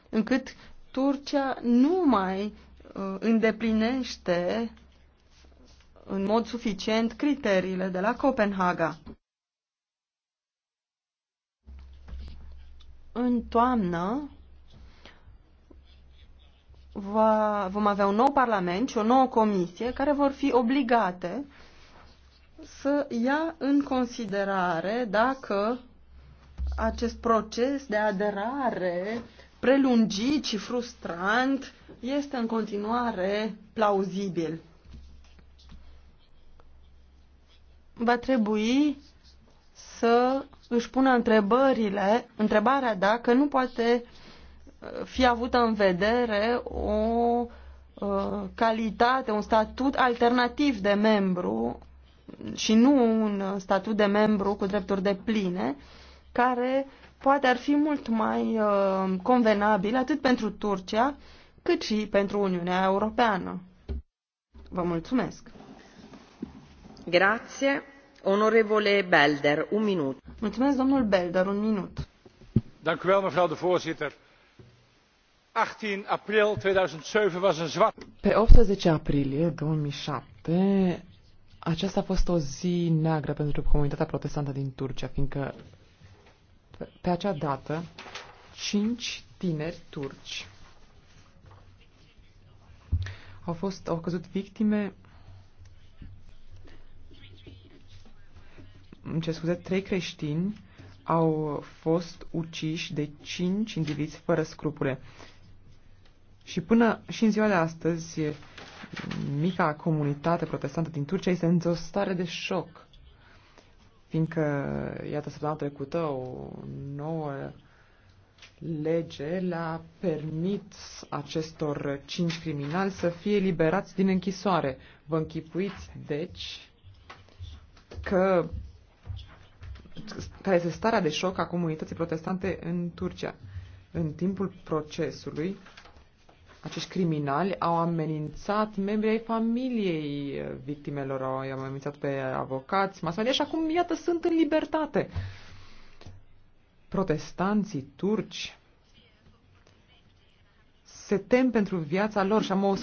încât Turcia nu mai uh, îndeplinește în mod suficient criteriile de la Copenhaga. În toamnă va, vom avea un nou parlament și o nouă comisie care vor fi obligate să ia în considerare dacă acest proces de aderare prelungit și frustrant este în continuare plauzibil. va trebui să își pună întrebările, întrebarea dacă nu poate uh, fi avută în vedere o uh, calitate, un statut alternativ de membru și nu un uh, statut de membru cu drepturi de pline, care poate ar fi mult mai convenabil atât pentru Turcia cât și pentru Uniunea Europeană. Vă mulțumesc! un minut. Mulțumesc, domnul un minut. mevrouw de voorzitter. 18 april 2007 was een zwart... Pe 18 aprilie 2007, aceasta a fost o zi neagră pentru comunitatea protestantă din Turcia, fiindcă pe acea dată cinci tineri turci au fost au căzut victime ce scuze, trei creștini au fost uciși de cinci indivizi fără scrupule. Și până și în ziua de astăzi, mica comunitate protestantă din Turcia este într-o stare de șoc. Fiindcă, iată, săptămâna trecută o nouă lege le-a permit acestor cinci criminali să fie liberați din închisoare. Vă închipuiți, deci, că care este starea de șoc a comunității protestante în Turcia. În timpul procesului, acești criminali au amenințat membrii ai familiei victimelor, au amenințat pe avocați, masalii, și acum, iată, sunt în libertate. Protestanții turci se tem pentru viața lor și am o,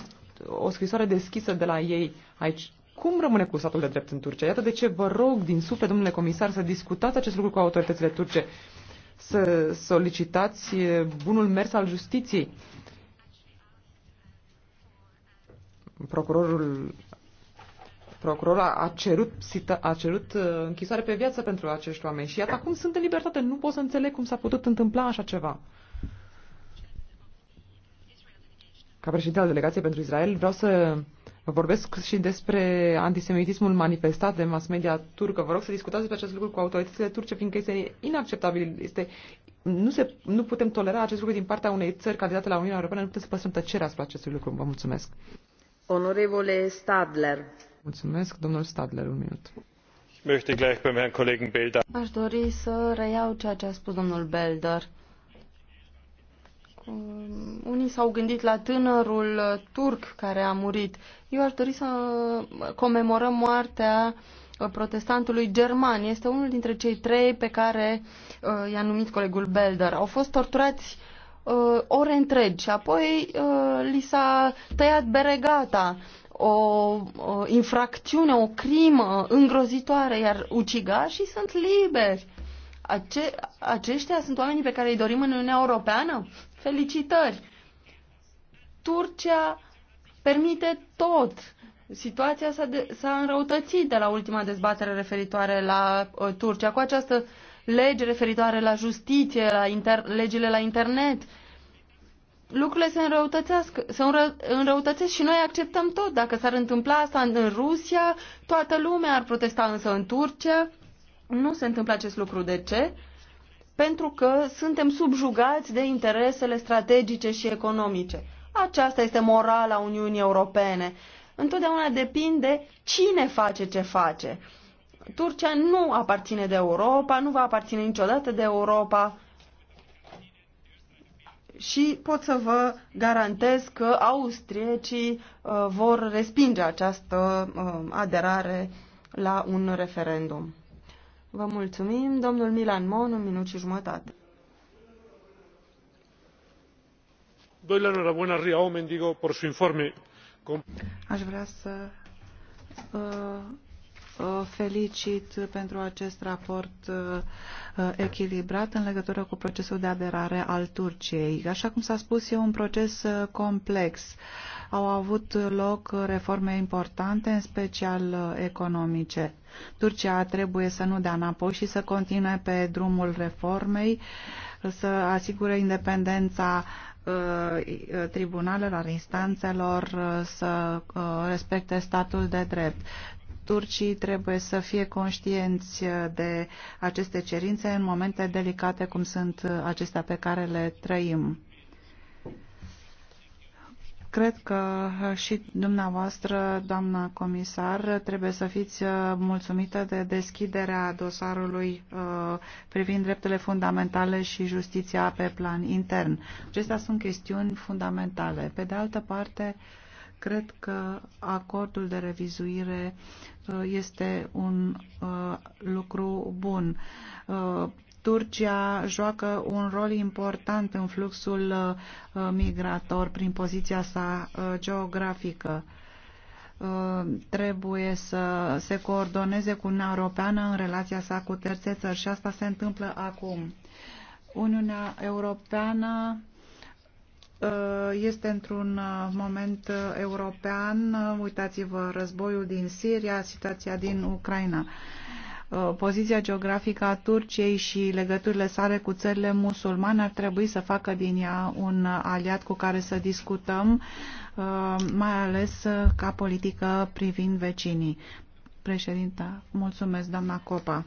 o scrisoare deschisă de la ei aici cum rămâne cu statul de drept în Turcia? Iată de ce vă rog din suflet, domnule comisar, să discutați acest lucru cu autoritățile turce, să solicitați bunul mers al justiției. Procurorul procuror a cerut, a cerut uh, închisoare pe viață pentru acești oameni și iată acum sunt în libertate. Nu pot să înțeleg cum s-a putut întâmpla așa ceva. Ca președinte al delegației pentru Israel vreau să Vorbesc și despre antisemitismul manifestat de mass media turcă. Vă rog să discutați despre acest lucru cu autoritățile turce, fiindcă este inacceptabil. Este, nu, se, nu putem tolera acest lucru din partea unei țări candidate la Uniunea Europeană. Nu putem să păstrăm tăcerea asupra acestui lucru. Vă mulțumesc. Onorevole Stadler. Mulțumesc, domnul Stadler, un minut. Aș dori să reiau ceea ce a spus domnul Belder unii s-au gândit la tânărul uh, turc care a murit. Eu aș dori să uh, comemorăm moartea uh, protestantului german. Este unul dintre cei trei pe care uh, i-a numit colegul Belder. Au fost torturați uh, ore întregi și apoi uh, li s-a tăiat beregata. O, uh, infracțiune, o crimă îngrozitoare, iar ucigașii sunt liberi. Ace- aceștia sunt oamenii pe care îi dorim în Uniunea Europeană? Felicitări! Turcia permite tot. Situația s-a, de, s-a înrăutățit de la ultima dezbatere referitoare la uh, Turcia, cu această lege referitoare la justiție, la inter, legile la internet. Lucrurile se, înrăutățesc, se înrăutățesc și noi acceptăm tot. Dacă s-ar întâmpla asta în, în Rusia, toată lumea ar protesta, însă în Turcia nu se întâmplă acest lucru. De ce? Uh, pentru că suntem subjugați de interesele strategice și economice. Aceasta este morala Uniunii Europene. Întotdeauna depinde cine face ce face. Turcia nu aparține de Europa, nu va aparține niciodată de Europa și pot să vă garantez că austriecii uh, vor respinge această uh, aderare la un referendum. Vă mulțumim. Domnul Milan Mon, un minut și jumătate. Doy la enhorabuena bună, Ria Omen, digo, por su informe. Aș vrea să uh, felicit pentru acest raport uh, echilibrat în legătură cu procesul de aderare al Turciei. Așa cum s-a spus, e un proces uh, complex. Au avut loc reforme importante, în special uh, economice. Turcia trebuie să nu dea înapoi și să continue pe drumul reformei, să asigure independența tribunalelor, instanțelor să respecte statul de drept. Turcii trebuie să fie conștienți uh, de aceste cerințe în momente delicate cum sunt uh, acestea pe care le trăim. Cred că uh, și dumneavoastră, doamna comisar, trebuie să fiți mulțumită de deschiderea dosarului privind drepturile fundamentale și justiția pe plan intern. Acestea sunt chestiuni fundamentale. Pe de altă parte, Cred că acordul de revizuire uh, este un uh, lucru bun. Uh, Turcia joacă un rol important în fluxul migrator prin poziția sa geografică trebuie să se coordoneze cu Uniunea Europeană în relația sa cu terțe țări și asta se întâmplă acum. Uniunea Europeană Uh, este într-un uh, moment uh, european. Uitați-vă războiul din Siria, situația din Ucraina. Poziția geografică a Turciei și legăturile sale cu țările musulmane ar trebui să facă din ea un aliat cu care să discutăm, mai ales ca politică privind vecinii. Președinta, mulțumesc, doamna Copa.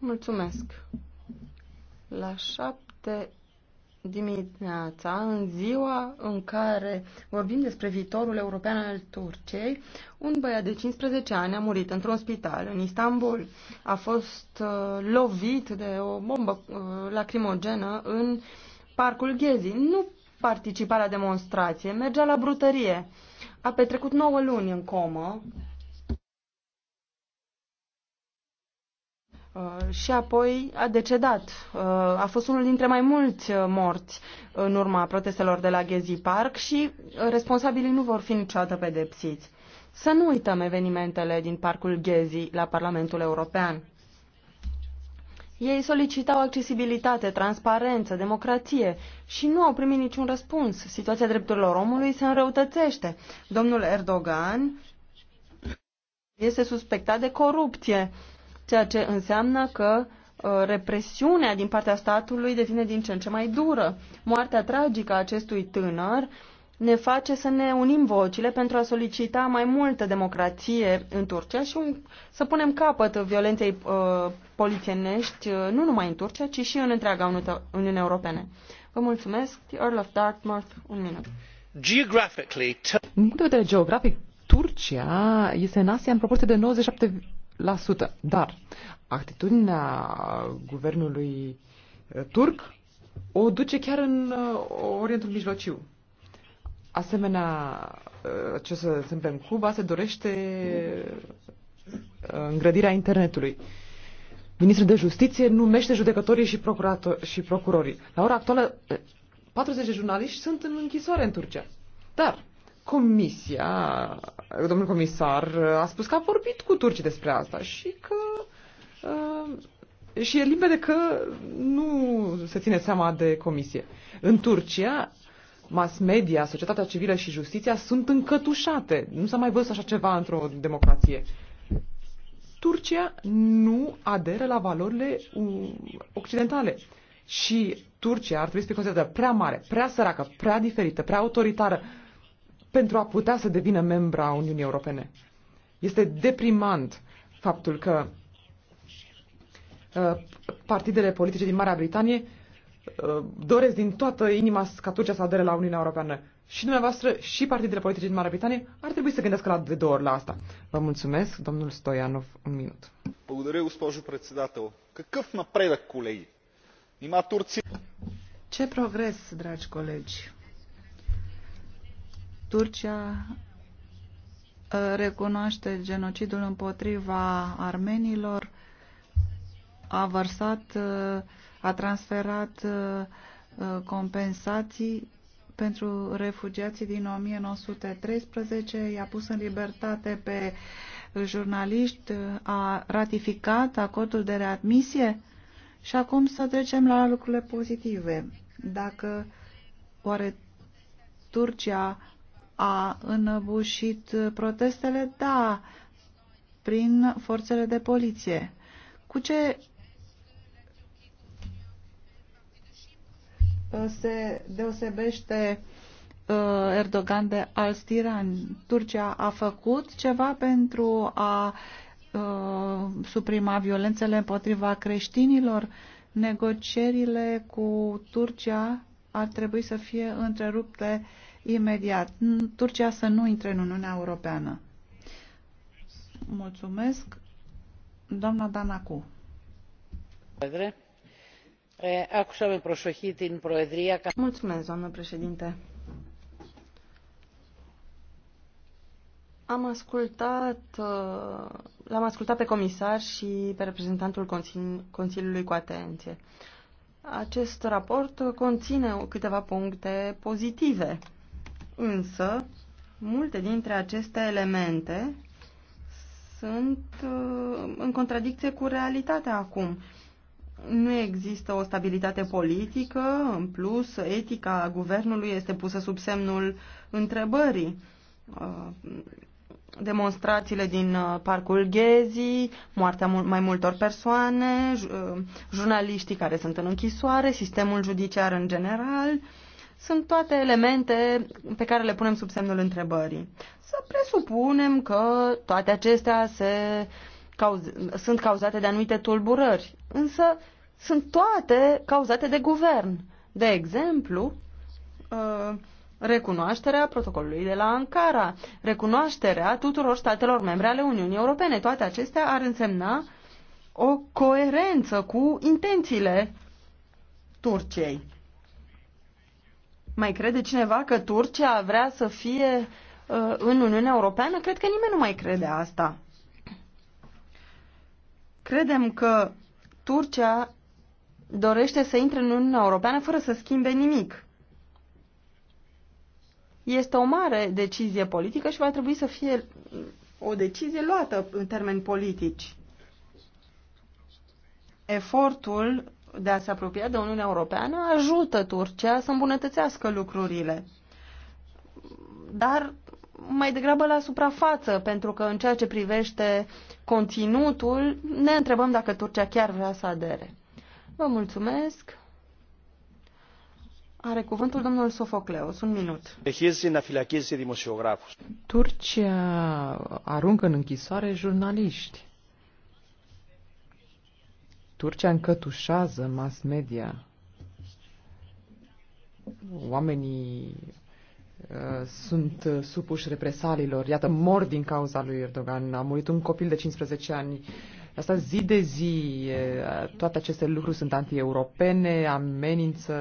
Mulțumesc. La șapte dimineața, în ziua în care vorbim despre viitorul european al Turciei, un băiat de 15 ani a murit într-un spital în Istanbul. A fost uh, lovit de o bombă uh, lacrimogenă în parcul Ghezi. Nu participa la demonstrație, mergea la brutărie. A petrecut 9 luni în comă Uh, și apoi a decedat. Uh, a fost unul dintre mai mulți uh, morți în urma protestelor de la Gezi Park și responsabilii nu vor fi niciodată pedepsiți. Să nu uităm evenimentele din parcul Gezi la Parlamentul European. Ei solicitau accesibilitate, transparență, democrație și nu au primit niciun răspuns. Situația drepturilor omului se înrăutățește. Domnul Erdogan este suspectat de corupție ceea ce înseamnă că uh, represiunea din partea statului devine din ce în ce mai dură. Moartea tragică a acestui tânăr ne face să ne unim vocile pentru a solicita mai multă democrație în Turcia și un, să punem capăt violenței uh, polițienești, uh, nu numai în Turcia, ci și în întreaga Uniune Europene. Vă mulțumesc, The Earl of Dartmouth, un minut. Geographically, din punct de vedere geografic, Turcia este în Asia în proporție de dar atitudinea guvernului uh, turc o duce chiar în uh, Orientul Mijlociu. Asemenea, uh, ce se întâmplă în Cuba, se dorește îngrădirea internetului. Ministrul de Justiție numește judecătorii și, și procurorii. La ora actuală, 40 de jurnaliști sunt în închisoare în Turcia. Dar Comisia, domnul comisar, a spus că a vorbit cu turcii despre asta și că uh, și e limpede că nu se ține seama de comisie. În Turcia, mass media, societatea civilă și justiția sunt încătușate. Nu s-a mai văzut așa ceva într-o democrație. Turcia nu aderă la valorile uh, occidentale. Și Turcia ar trebui să fie considerată prea mare, prea săracă, prea diferită, prea autoritară, pentru a putea să devină membra a Uniunii Europene. Este deprimant faptul că uh, partidele politice din Marea Britanie uh, doresc din toată inima ca Turcia să adere la Uniunea Europeană. Și dumneavoastră și partidele politice din Marea Britanie ar trebui să gândească la de două ori la asta. Vă mulțumesc, domnul Stoianov, un minut. Ce progres, dragi colegi? Turcia uh, recunoaște genocidul împotriva armenilor, a vărsat, uh, a transferat uh, compensații pentru refugiații din 1913, i-a pus în libertate pe jurnaliști, a ratificat acordul de readmisie și acum să trecem la lucrurile pozitive. Dacă oare Turcia a înăbușit protestele? Da, prin forțele de poliție. Cu ce se deosebește uh, Erdogan de alți tirani? Turcia a făcut ceva pentru a uh, suprima violențele împotriva creștinilor? Negocierile cu Turcia ar trebui să fie întrerupte uh, imediat Turcia să nu intre în Uniunea Europeană. Mulțumesc. Doamna Danacu. Mulțumesc, doamnă președinte. Am ascultat, uh, l-am ascultat pe comisar și pe reprezentantul Consili Consiliului cu atenție. Acest raport conține câteva puncte pozitive Însă, multe dintre aceste elemente sunt uh, în contradicție cu realitatea acum. Nu există o stabilitate politică, în plus, etica guvernului este pusă sub semnul întrebării. Uh, demonstrațiile din uh, parcul Ghezi, moartea mai multor persoane, jurnaliștii care sunt în închisoare, sistemul judiciar în general, sunt toate elemente pe care le punem sub semnul întrebării. Să presupunem că toate acestea se cauz- sunt cauzate de anumite tulburări, însă sunt toate cauzate de guvern. De exemplu, uh, recunoașterea protocolului de la Ankara, recunoașterea tuturor statelor membre ale Uniunii Europene. Toate acestea ar însemna o coerență cu intențiile Turciei. Mai crede cineva că Turcia vrea să fie uh, în Uniunea Europeană? Cred că nimeni nu mai crede asta. Credem că Turcia dorește să intre în Uniunea Europeană fără să schimbe nimic. Este o mare decizie politică și va trebui să fie o decizie luată în termeni politici. Efortul de a se apropia de Uniunea Europeană ajută Turcia să îmbunătățească lucrurile. Dar mai degrabă la suprafață, pentru că în ceea ce privește conținutul, ne întrebăm dacă Turcia chiar vrea să adere. Vă mulțumesc. Are cuvântul domnul Sofocleos, un minut. Turcia aruncă în închisoare jurnaliști. Turcia încătușează mass media. Oamenii uh, sunt uh, supuși represalilor. Iată, mor din cauza lui Erdogan. A murit un copil de 15 ani. Asta zi de zi, uh, toate aceste lucruri sunt antieuropene, amenință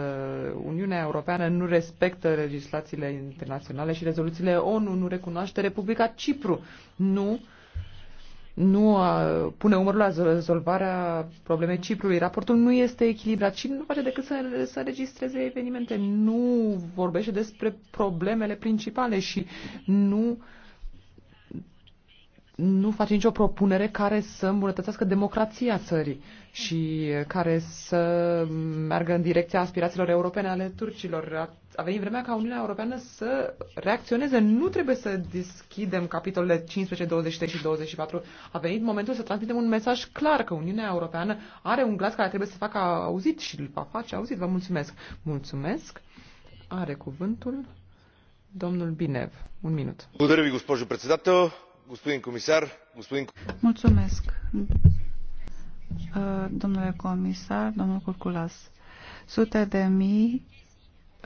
Uniunea Europeană, nu respectă legislațiile internaționale și rezoluțiile ONU, nu recunoaște Republica Cipru, nu uh, nu uh, pune umărul la rezolvarea problemei Ciprului. Raportul nu este echilibrat și nu face decât să, să registreze evenimente. Nu vorbește despre problemele principale și nu nu face nicio propunere care să îmbunătățească democrația țării și care să meargă în direcția aspirațiilor europene ale turcilor a venit vremea ca Uniunea Europeană să reacționeze. Nu trebuie să deschidem capitolele 15, 23 și 24. A venit momentul să transmitem un mesaj clar că Uniunea Europeană are un glas care trebuie să facă auzit și îl va face auzit. Vă mulțumesc. Mulțumesc. Are cuvântul domnul Binev. Un minut. Mulțumesc. Uh, domnule comisar, domnul Curculas, sute de mii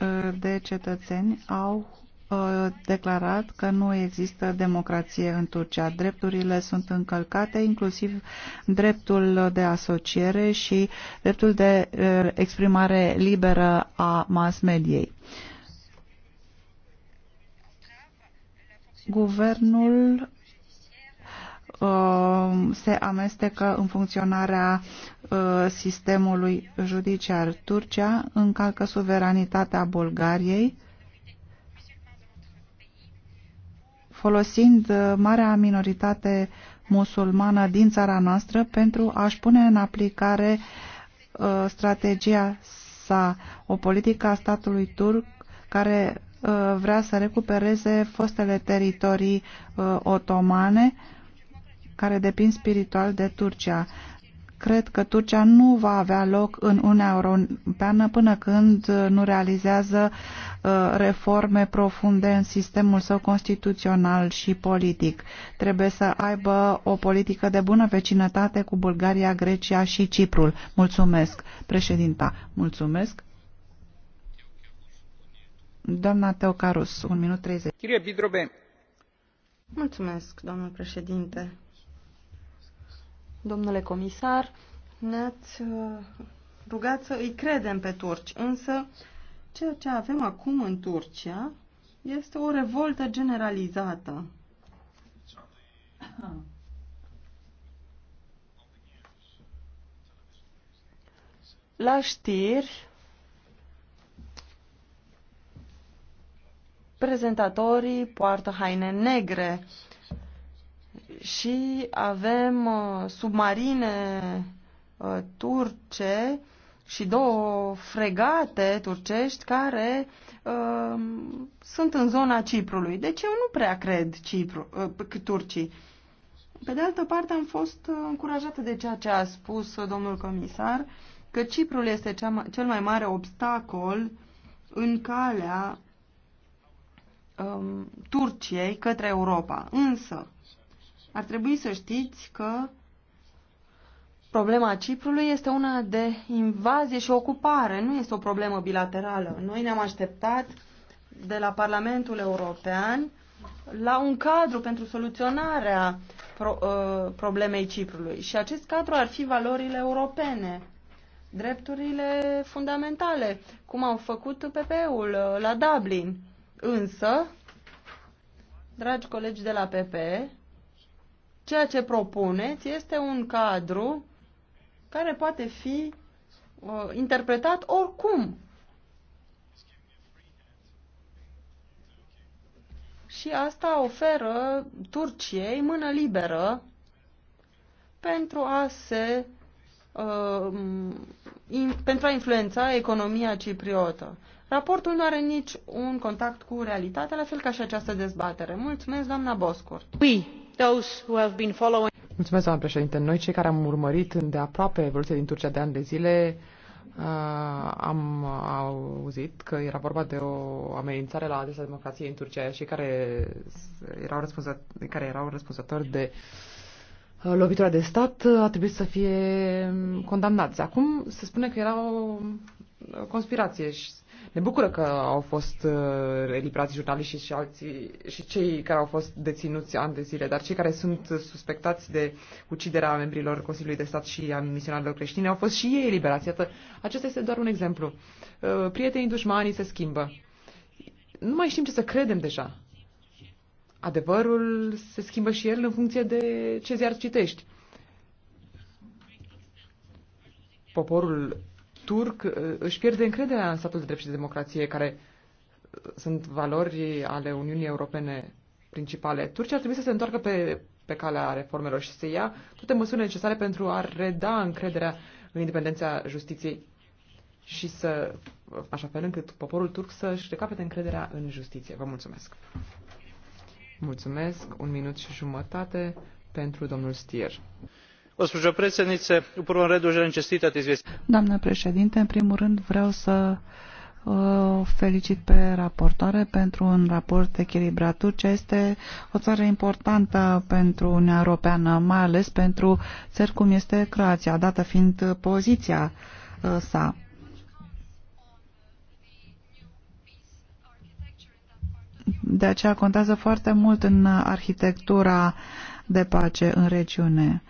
Uh, de cetățeni au uh, declarat că nu există democrație în Turcia. Drepturile sunt încălcate, inclusiv dreptul de asociere și dreptul de uh, exprimare liberă a mass-mediei. Guvernul Uh, se amestecă în funcționarea uh, sistemului judiciar. Turcia încalcă suveranitatea Bulgariei folosind uh, marea minoritate musulmană din țara noastră pentru a-și pune în aplicare strategia sa, o politică a statului turc care vrea să recupereze fostele teritorii otomane care depind spiritual de Turcia. Cred că Turcia nu va avea loc în Uniunea Europeană până când nu realizează uh, reforme profunde în sistemul său constituțional și politic. Trebuie să aibă o politică de bună vecinătate cu Bulgaria, Grecia și Ciprul. Mulțumesc, președinta. Mulțumesc. Doamna Teocarus, un minut 30. Mulțumesc, domnul președinte domnule comisar, ne-ați uh, rugat să îi credem pe turci, însă ceea ce avem acum în Turcia este o revoltă generalizată. La știri, prezentatorii poartă haine negre și avem uh, submarine uh, turce și două fregate turcești care uh, sunt în zona Ciprului. Deci eu nu prea cred Cipru, uh, turcii. Pe de altă parte am fost uh, încurajată de ceea ce a spus domnul comisar, că Ciprul este cea cel mai mare obstacol în calea um, Turciei către Europa. Însă, ar trebui să știți că problema Ciprului este una de invazie și ocupare, nu este o problemă bilaterală. Noi ne-am așteptat de la Parlamentul European la un cadru pentru soluționarea pro, uh, problemei Ciprului. Și acest cadru ar fi valorile europene, drepturile fundamentale, cum au făcut PP-ul uh, la Dublin. Însă, dragi colegi de la PP, Ceea ce propuneți este un cadru care poate fi uh, interpretat oricum. Și asta oferă Turciei mână liberă pentru a se uh, in, pentru a influența economia cipriotă. Raportul nu are nici un contact cu realitatea, la fel ca și această dezbatere. Mulțumesc, doamna Boscur. Oui. Mulțumesc, doamnă președinte. Noi, cei care am urmărit îndeaproape evoluția din Turcia de ani de zile, Uh, am auzit că era vorba de o amenințare la adresa democrației în Turcia și care erau, răspunză, care erau răspunzători de uh, lovitura de stat uh, a trebuit să fie condamnați. Acum se spune că era o conspirație și ne bucură că au fost uh, eliberați jurnaliștii și alții și cei care au fost deținuți ani de zile, dar cei care sunt suspectați de uciderea membrilor Consiliului de Stat și a misionarilor creștini au fost și ei eliberați. Iată, acesta este doar un exemplu. Uh, prietenii dușmanii se schimbă. Nu mai știm ce să credem deja. Adevărul se schimbă și el în funcție de ce ziar citești. Poporul turc uh, își pierde încrederea în statul de drept și de democrație, care uh, sunt valori ale Uniunii Europene principale. Turcia ar trebui să se întoarcă pe, pe calea reformelor și să ia toate măsurile necesare pentru a reda încrederea în independența justiției și să, așa fel încât poporul turc să-și recapete încrederea în justiție. Vă mulțumesc! Mulțumesc, un minut și jumătate pentru domnul Stier gospođo predsjednice u prvom redu želim čestitati izvjestiteljici. doamnă președinte în primul rând vreau să o uh, felicit pe raportoare pentru un raport echilibrat. Turcia este o țară importantă pentru Uniunea Europeană, mai ales pentru țări cum este Croația, dată fiind poziția uh, sa. De aceea contează foarte mult în arhitectura de pace în regiune.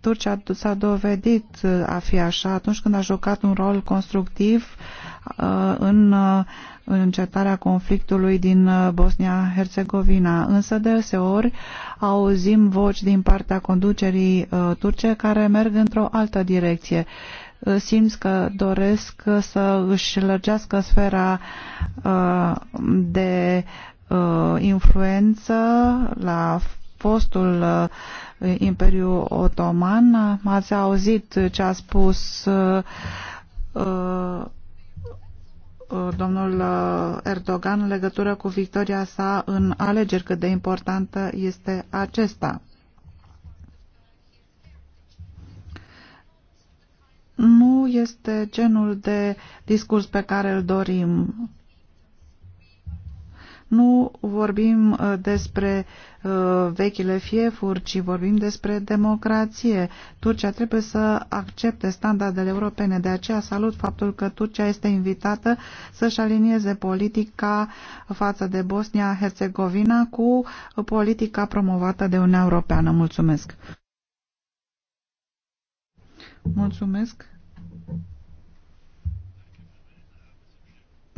Turcia s-a dovedit uh, a fi așa atunci când a jucat un rol constructiv uh, uh, în, încetarea conflictului din Bosnia-Herzegovina. Însă deseori auzim voci din partea conducerii turce care merg într-o altă direcție simți că doresc să își lărgească sfera de influență la fostul Imperiu Otoman. Ați auzit ce a spus uh, uh, domnul Erdogan în legătură cu victoria sa în alegeri, cât de importantă este acesta. Nu este genul de discurs pe care îl dorim nu vorbim uh, despre uh, vechile fiefuri, ci vorbim despre democrație. Turcia trebuie să accepte standardele europene. De aceea salut faptul că Turcia este invitată să-și alinieze politica față de Bosnia-Herzegovina cu politica promovată de Uniunea Europeană. Mulțumesc! Mulțumesc!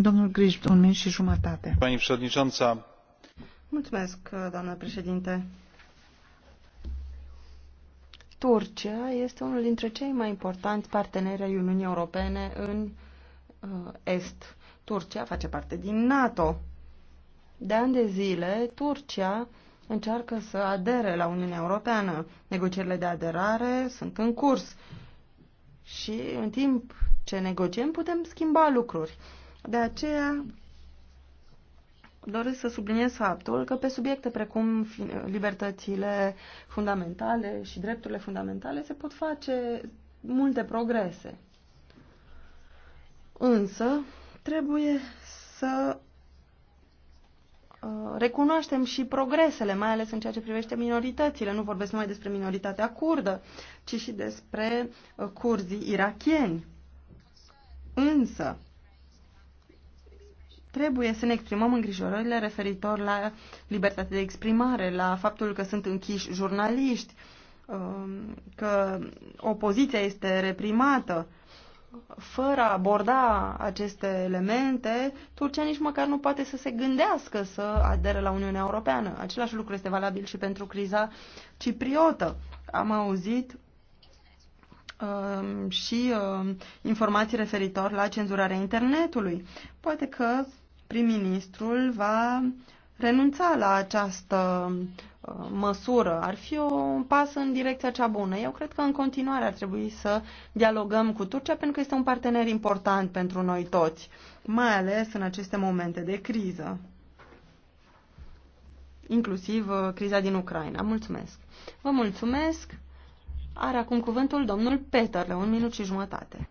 Pani doamnă Turcia este unul dintre cei mai importanți parteneri ai Uniunii Europene în uh, Est. Turcia face parte din NATO. De ani de zile, Turcia încearcă să adere la Uniunea Europeană. Negocierile de aderare sunt în curs. Și în timp ce negociem, putem schimba lucruri. De aceea doresc să subliniez faptul că pe subiecte precum libertățile fundamentale și drepturile fundamentale se pot face multe progrese. Însă, trebuie să uh, recunoaștem și progresele, mai ales în ceea ce privește minoritățile. Nu vorbesc numai despre minoritatea curdă, ci și despre uh, curzii irachieni. Însă, trebuie să ne exprimăm îngrijorările referitor la libertatea de exprimare, la faptul că sunt închiși jurnaliști, um, că opoziția este reprimată. Fără a aborda aceste elemente, Turcia nici măcar nu poate să se gândească să adere la Uniunea Europeană. Același lucru este valabil și pentru criza cipriotă. Am auzit um, și um, informații referitor la cenzurarea internetului. Poate că prim-ministrul va renunța la această uh, măsură. Ar fi o pas în direcția cea bună. Eu cred că în continuare ar trebui să dialogăm cu Turcia pentru că este un partener important pentru noi toți, mai ales în aceste momente de criză inclusiv uh, criza din Ucraina. Mulțumesc! Vă mulțumesc! Are acum cuvântul domnul Peterle, un minut și jumătate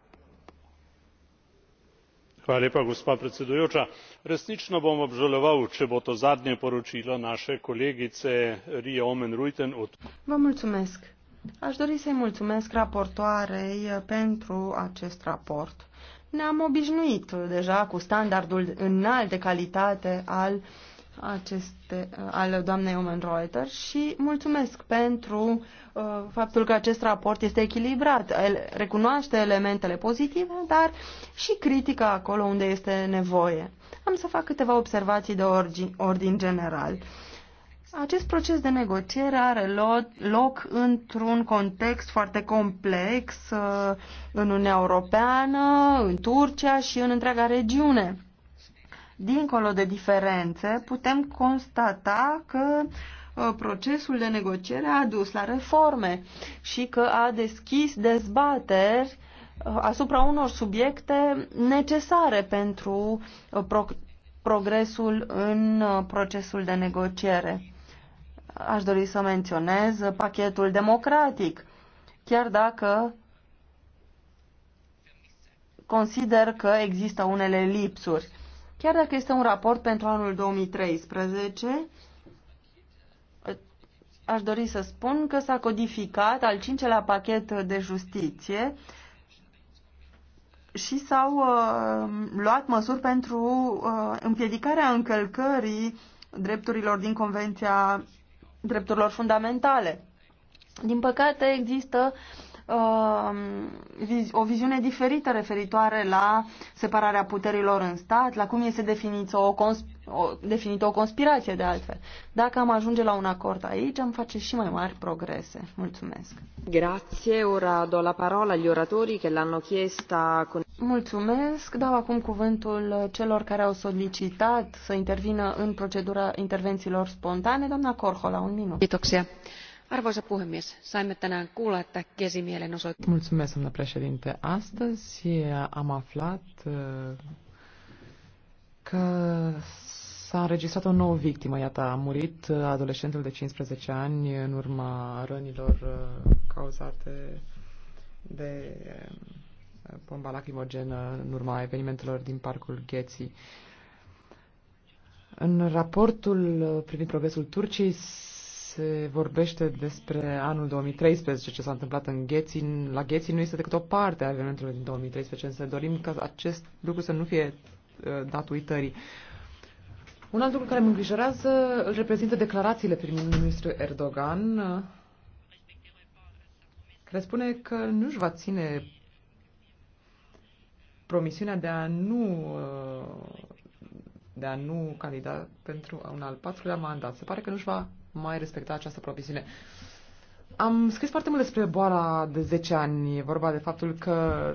resnično bom obžaloval če bo to zadnje poročilo naše kolegice ria oomen ruijten aș dori să i mulțumesc raportoarei pentru acest raport. ne am obișnuit deja cu standardul înalt de calitate al aceste, al doamnei Omen Reuter și mulțumesc pentru uh, faptul că acest raport este echilibrat. El recunoaște elementele pozitive, dar și critică acolo unde este nevoie. Am să fac câteva observații de ordin, ordin general. Acest proces de negociere are loc într-un context foarte complex uh, în Uniunea Europeană, în Turcia și în întreaga regiune dincolo de diferențe, putem constata că uh, procesul de negociere a dus la reforme și că a deschis dezbateri uh, asupra unor subiecte necesare pentru uh, pro progresul în procesul de negociere. Aș dori să menționez pachetul democratic, chiar dacă consider că există unele lipsuri. Chiar dacă este un raport pentru anul 2013, aș dori să spun că s-a codificat al cincelea pachet de justiție și s-au uh, luat măsuri pentru uh, împiedicarea încălcării drepturilor din Convenția drepturilor fundamentale. Din păcate, există Um, o viziune diferită referitoare la separarea puterilor în stat, la cum este definită o, consp- o, definită o conspirație de altfel. Dacă am ajunge la un acord aici, am face și mai mari progrese. Mulțumesc. Grazie, ora do la parola agli oratori che l'hanno chiesta con... Mulțumesc. Dau acum cuvântul celor care au solicitat să intervină în procedura intervențiilor spontane. Doamna Corhola, un minut. Kiitoksia arvoisa puhemies saimme tänään kuulla että gezi mielenosoitus. doamnă președinte astăzi am aflat uh, că s-a înregistrat o nouă victimă. Iată, a murit uh, adolescentul de 15 ani în urma rănilor uh, cauzate de bomba lacrimogenă în urma evenimentelor din parcul Gezi. În raportul privind progresul Turciei se vorbește despre anul 2013, ce s-a întâmplat în Ghețin. La Ghețin nu este decât o parte a evenimentului din 2013, însă dorim ca acest lucru să nu fie ă, dat uitării. Un alt lucru care mă îngrijorează îl reprezintă declarațiile prim-ministru Erdogan, care spune că nu-și va ține promisiunea de a nu ă, de a nu candida pentru un al patrulea mandat. Se pare că nu-și va mai respecta această profesiune. Am scris foarte mult despre boala de 10 ani. E vorba de faptul că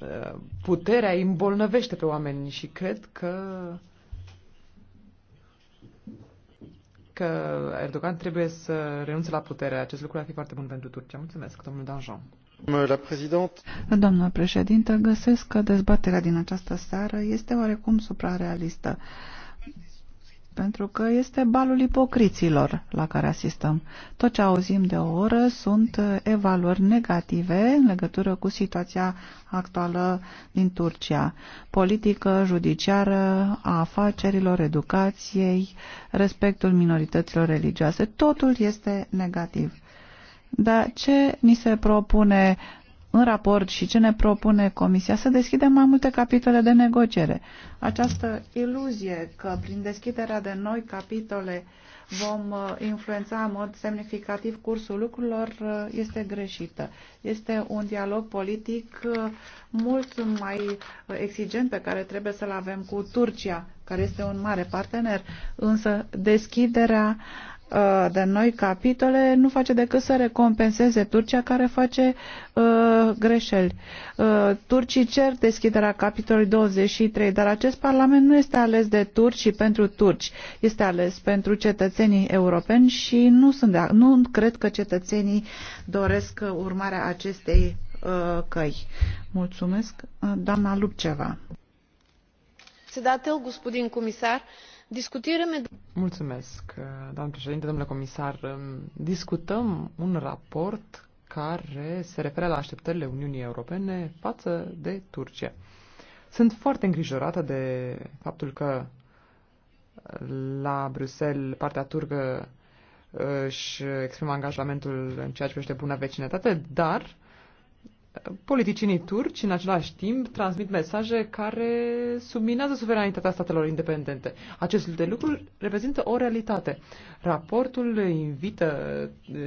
uh, puterea îi îmbolnăvește pe oameni și cred că că Erdogan trebuie să renunțe la putere. Acest lucru ar fi foarte bun pentru Turcia. Mulțumesc, domnul Danjean. Doamnă președintă, găsesc că dezbaterea din această seară este oarecum suprarealistă. realistă pentru că este balul ipocriților la care asistăm. Tot ce auzim de o oră sunt uh, evaluări negative în legătură cu situația actuală din Turcia. Politică, judiciară, a afacerilor, educației, respectul minorităților religioase, totul este negativ. Dar ce ni se propune în raport și ce ne propune Comisia să deschidem mai multe capitole de negociere. Această iluzie că prin deschiderea de noi capitole vom uh, influența în mod semnificativ cursul lucrurilor uh, este greșită. Este un dialog politic uh, mult mai exigent pe care trebuie să-l avem cu Turcia, care este un mare partener, însă deschiderea uh, Uh, de noi capitole nu face decât să recompenseze Turcia care face uh, greșeli. Uh, turcii cer deschiderea capitolului 23, dar acest parlament nu este ales de turci și pentru turci. Este ales pentru cetățenii europeni și nu, sunt de, nu cred că cetățenii doresc urmarea acestei uh, căi. Mulțumesc. Uh, doamna Lupceva. Sedatel, gospodin Comisar Discutirăm... Mulțumesc, doamnă președinte, domnule comisar. Discutăm un raport care se referă la așteptările Uniunii Europene față de Turcia. Sunt foarte îngrijorată de faptul că la Bruxelles partea turcă își exprimă angajamentul în ceea ce privește bună vecinătate, dar politicienii turci, în același timp, transmit mesaje care subminează suveranitatea statelor independente. de lucruri reprezintă o realitate. Raportul invită,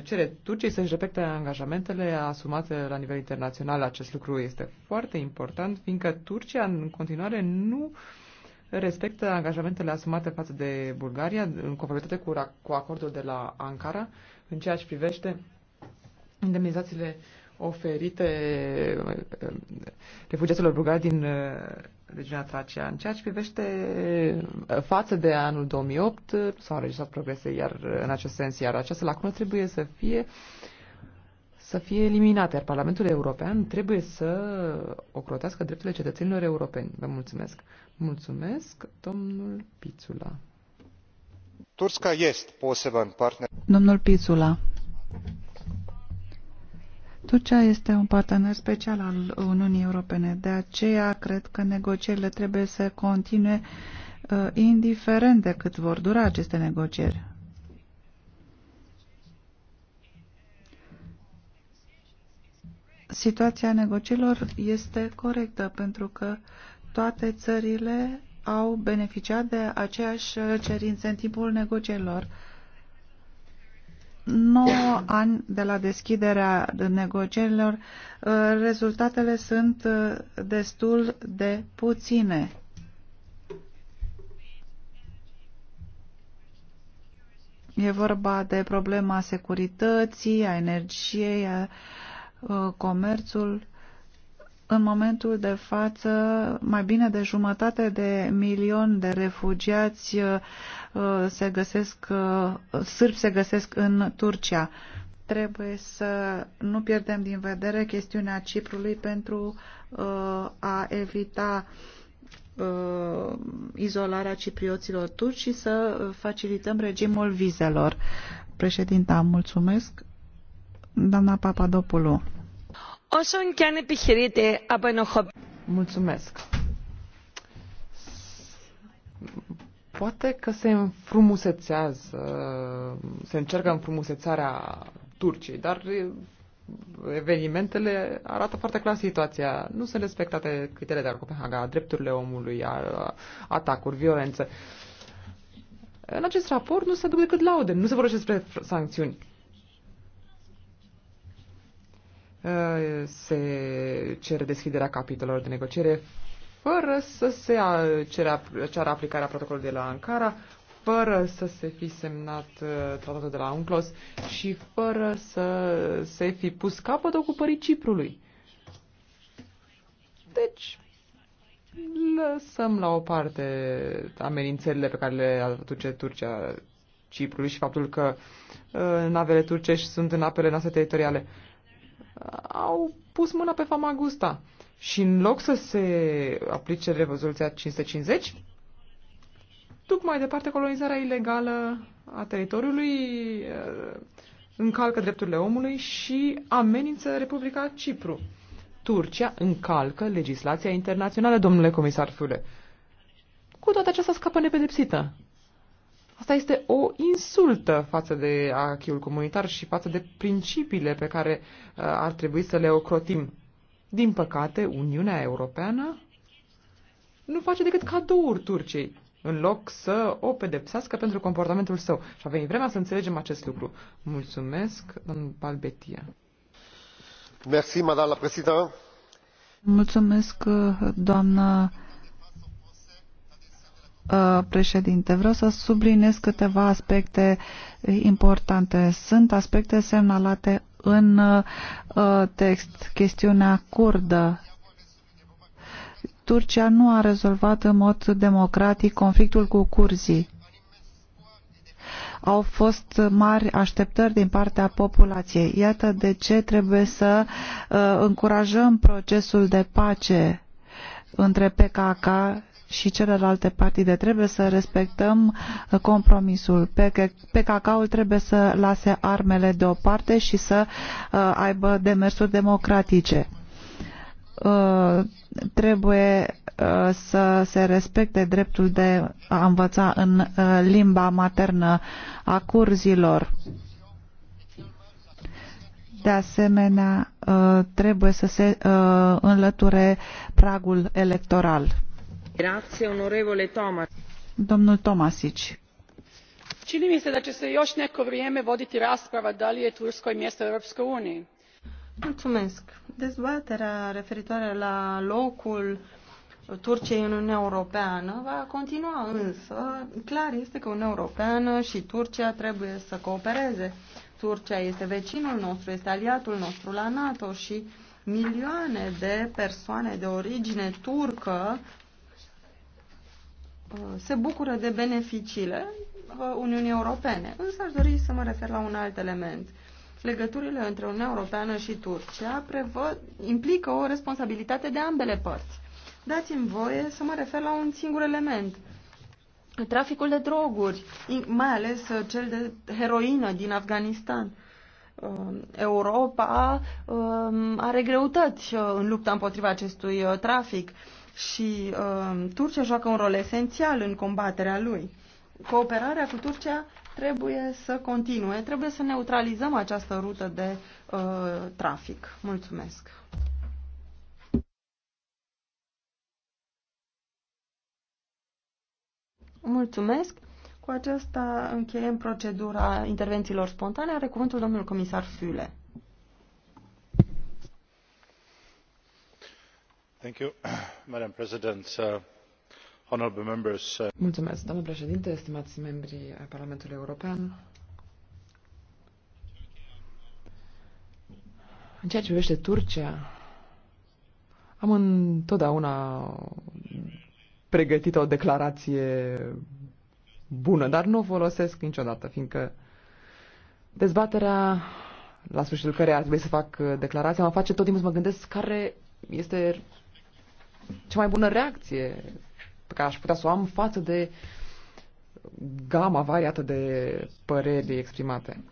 cere Turciei să-și repete angajamentele asumate la nivel internațional. Acest lucru este foarte important, fiindcă Turcia, în continuare, nu respectă angajamentele asumate față de Bulgaria, în conformitate cu, cu acordul de la Ankara, în ceea ce privește indemnizațiile uh, oferite uh, refugiaților bulgari din uh, regiunea Tracia. În ceea ce privește uh, față de anul 2008, s-au înregistrat progrese iar în acest sens, iar această lacună trebuie să fie să fie eliminată, iar Parlamentul European trebuie să ocrotească drepturile cetățenilor europeni. Vă mulțumesc. Mulțumesc, domnul Pițula. Turska este în partener. Domnul Pițula. Turcia este un partener special al Uniunii Europene, de aceea cred că negocierile trebuie să continue uh, indiferent de cât vor dura aceste negocieri. Situația negocierilor este corectă pentru că toate țările au beneficiat de aceeași cerințe în timpul negocierilor. 9 ani de la deschiderea negocierilor, uh, rezultatele sunt uh, destul de puține. E vorba de problema securității, a energiei, a uh, comerțul în momentul de față, mai bine de jumătate de milion de refugiați uh, se găsesc, uh, sârbi se găsesc în Turcia. Trebuie să nu pierdem din vedere chestiunea Ciprului pentru uh, a evita izolarea ciprioților turci și să facilităm regimul vizelor. Președinta, mulțumesc. Doamna Papadopoulou όσον και αν επιχειρείται από ενοχοποιητές. Poate că se înfrumusețează, se încearcă înfrumusețarea Turciei, dar evenimentele arată foarte clar situația. Nu sunt respectate criteriile de la Copenhaga, drepturile omului, atacuri, violență. În acest raport nu se aduc decât laude, nu se vorbește despre sancțiuni. Uh, se cere deschiderea capitolelor de negociere fără să se uh, ceară aplicarea protocolului de la Ankara, fără să se fi semnat uh, tratatul de la UNCLOS și fără să se fi pus capăt ocupării Ciprului. Deci, lăsăm la o parte amenințările pe care le aduce Turcia Ciprului și faptul că navele turcești sunt în apele noastre teritoriale. Uh, au pus mâna pe Famagusta. Și în loc să se aplice rezoluția 550, duc mai departe colonizarea ilegală a teritoriului, eh, încalcă drepturile omului și amenință Republica Cipru. Turcia încalcă legislația internațională, domnule comisar Fule. Cu toate acestea scapă nepedepsită. Asta este o insultă față de achiul comunitar și față de principiile pe care uh, ar trebui să le ocrotim. Din păcate, Uniunea Europeană nu face decât cadouri Turciei, în loc să o pedepsească pentru comportamentul său. Și a venit vremea să înțelegem acest lucru. Mulțumesc, domnul Balbetia. Merci, madame la Mulțumesc, uh, doamna Uh, președinte. Vreau să subliniez câteva aspecte importante. Sunt aspecte semnalate în uh, text. Chestiunea curdă. Turcia nu a rezolvat în mod democratic conflictul cu curzii. Au fost mari așteptări din partea populației. Iată de ce trebuie să uh, încurajăm procesul de pace între PKK și celelalte partide. Trebuie să respectăm compromisul. PKK-ul trebuie să lase armele deoparte și să uh, aibă demersuri democratice. Uh, trebuie uh, să se respecte dreptul de a învăța în limba maternă a curzilor. De asemenea, trebuie să se înlăture pragul electoral ini mi se da e se jo neko vrijeme voditi rasprava da li je Turskoj mjesto u Europskoj uniji. Dezbaterea referitoare la locul Turciei în Uniunea Europeană va continua însă. Clar este că Uniunea Europeană și Turcia trebuie să coopereze. Turcia este vecinul nostru, este aliatul nostru la NATO și milioane de persoane de origine turcă Uh, se bucură de beneficiile uh, Uniunii Europene. Însă aș dori să mă refer la un alt element. Legăturile între Uniunea Europeană și Turcia prevăd, implică o responsabilitate de ambele părți. Dați-mi voie să mă refer la un singur element. Traficul de droguri, mai ales uh, cel de heroină din Afganistan. Europa um, are greutăți în lupta împotriva acestui trafic și uh, Turcia joacă un rol esențial în combaterea lui. Cooperarea cu Turcia trebuie să continue, trebuie să neutralizăm această rută de uh, trafic. Mulțumesc! Mulțumesc! Cu aceasta încheiem procedura intervențiilor spontane. Are cuvântul domnul comisar Füle. (clears throat) Uh, uh, doamnă președinte stimați membri ai parlamentului european în ceea ce privește turcia am întotdeauna pregătită o declarație bună, dar nu o folosesc niciodată, fiindcă dezbaterea la sfârșitul care ar trebui să fac declarația, mă face tot timpul să mă gândesc care este cea mai bună reacție pe care aș putea să o am față de gama variată de păreri exprimate.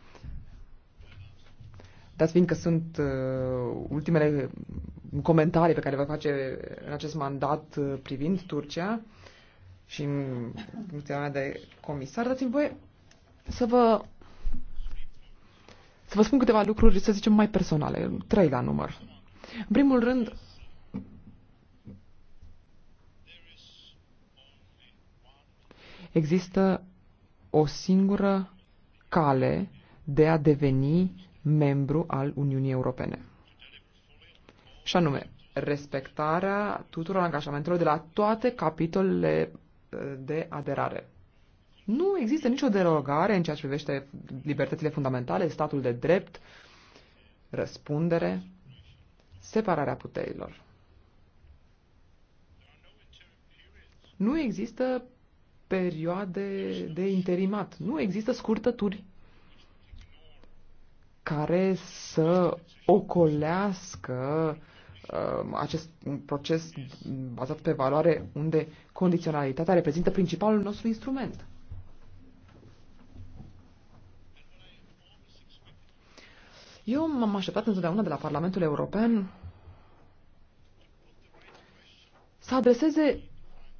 Dați fiindcă sunt uh, ultimele comentarii pe care le va face în acest mandat uh, privind Turcia și în funcția mea de comisar, dați-mi voie să vă, să vă spun câteva lucruri, să zicem, mai personale, trei la număr. În primul rând, Există o singură cale de a deveni membru al Uniunii Europene. Și anume, respectarea tuturor angajamentelor de la toate capitolele uh, de aderare. Nu există nicio derogare în ceea ce privește libertățile fundamentale, statul de drept, răspundere, separarea puterilor. Nu există perioade de interimat. Nu există scurtături care să ocolească um, acest proces bazat pe valoare unde condiționalitatea reprezintă principalul nostru instrument. Eu m-am așteptat întotdeauna de la Parlamentul European să adreseze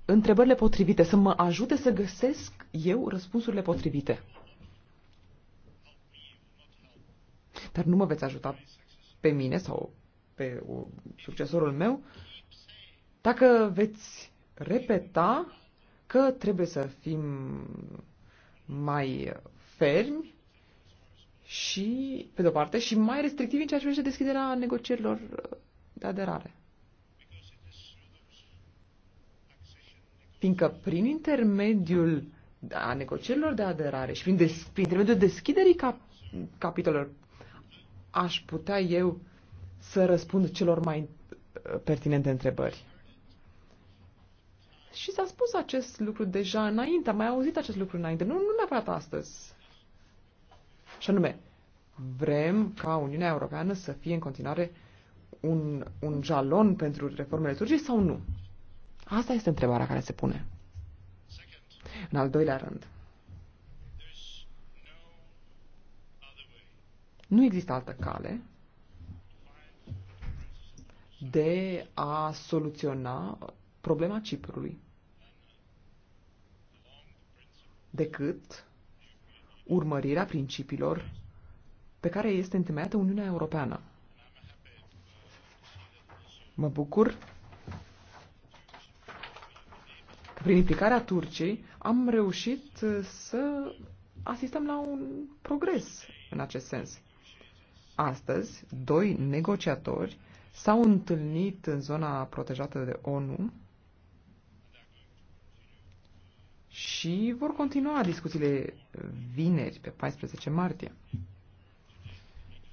întrebările potrivite, să mă ajute să găsesc eu răspunsurile potrivite. Dar nu mă veți ajuta pe mine sau pe succesorul meu dacă veți repeta că trebuie să fim mai fermi și, pe de-o parte, și mai restrictivi în ceea ce privește deschiderea negocierilor de aderare. fiindcă prin intermediul a negocierilor de aderare și prin, des, prin intermediul deschiderii cap, capitolelor aș putea eu să răspund celor mai uh, pertinente întrebări. Și s-a spus acest lucru deja înainte, am mai auzit acest lucru înainte, nu, nu neapărat astăzi. Și anume, vrem ca Uniunea Europeană să fie în continuare un, un jalon pentru reformele turcii sau nu? Asta este întrebarea care se pune. În al doilea rând, nu există altă cale de a soluționa problema Ciprului decât urmărirea principiilor pe care este întemeiată Uniunea Europeană. Mă bucur prin implicarea Turciei, am reușit uh, să asistăm la un progres în acest sens. Astăzi, doi negociatori s-au întâlnit în zona protejată de ONU și vor continua discuțiile vineri, pe 14 martie.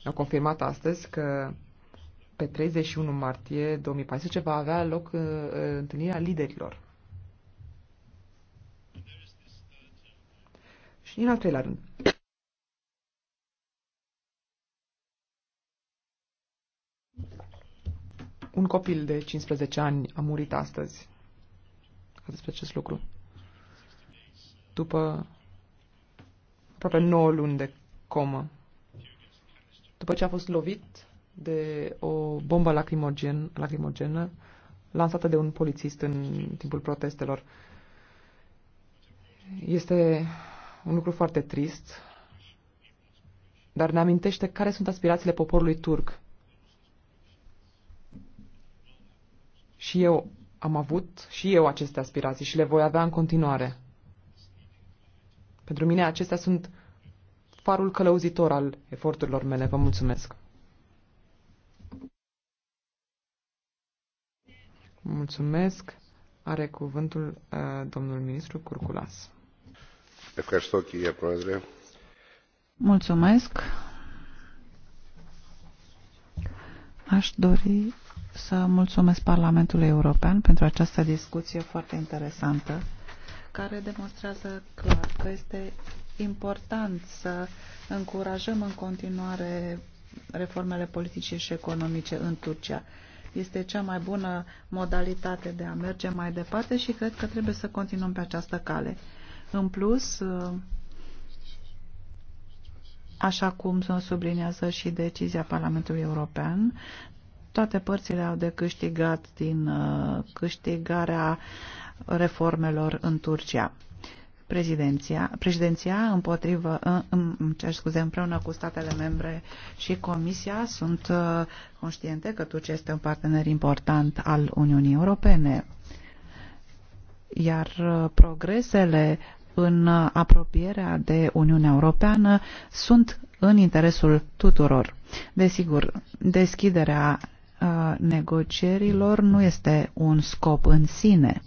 Au confirmat astăzi că pe 31 martie 2014 va avea loc uh, întâlnirea liderilor. Și din al treilea rând. Un copil de 15 ani a murit astăzi. Ați despre acest lucru. După aproape 9 luni de comă. După ce a fost lovit de o bombă lacrimogen, lacrimogenă lansată de un polițist în timpul protestelor. Este un lucru foarte trist, dar ne amintește care sunt aspirațiile poporului turc. Și eu am avut și eu aceste aspirații și le voi avea în continuare. Pentru mine acestea sunt farul călăuzitor al eforturilor mele. Vă mulțumesc. Mulțumesc. Are cuvântul uh, domnul ministru Curculas. Mulțumesc. Aș dori să mulțumesc Parlamentului European pentru această discuție foarte interesantă, care demonstrează clar că este important să încurajăm în continuare reformele politice și economice în Turcia. Este cea mai bună modalitate de a merge mai departe și cred că trebuie să continuăm pe această cale. În plus, așa cum se sublinează și decizia Parlamentului European, toate părțile au de câștigat din uh, câștigarea reformelor în Turcia. Prezidenția, prezidenția împotrivă, uh, îmi cer scuze, împreună cu statele membre și Comisia sunt uh, conștiente că Turcia este un partener important al Uniunii Europene iar progresele în apropierea de Uniunea Europeană sunt în interesul tuturor. Desigur, deschiderea uh, negocierilor nu este un scop în sine.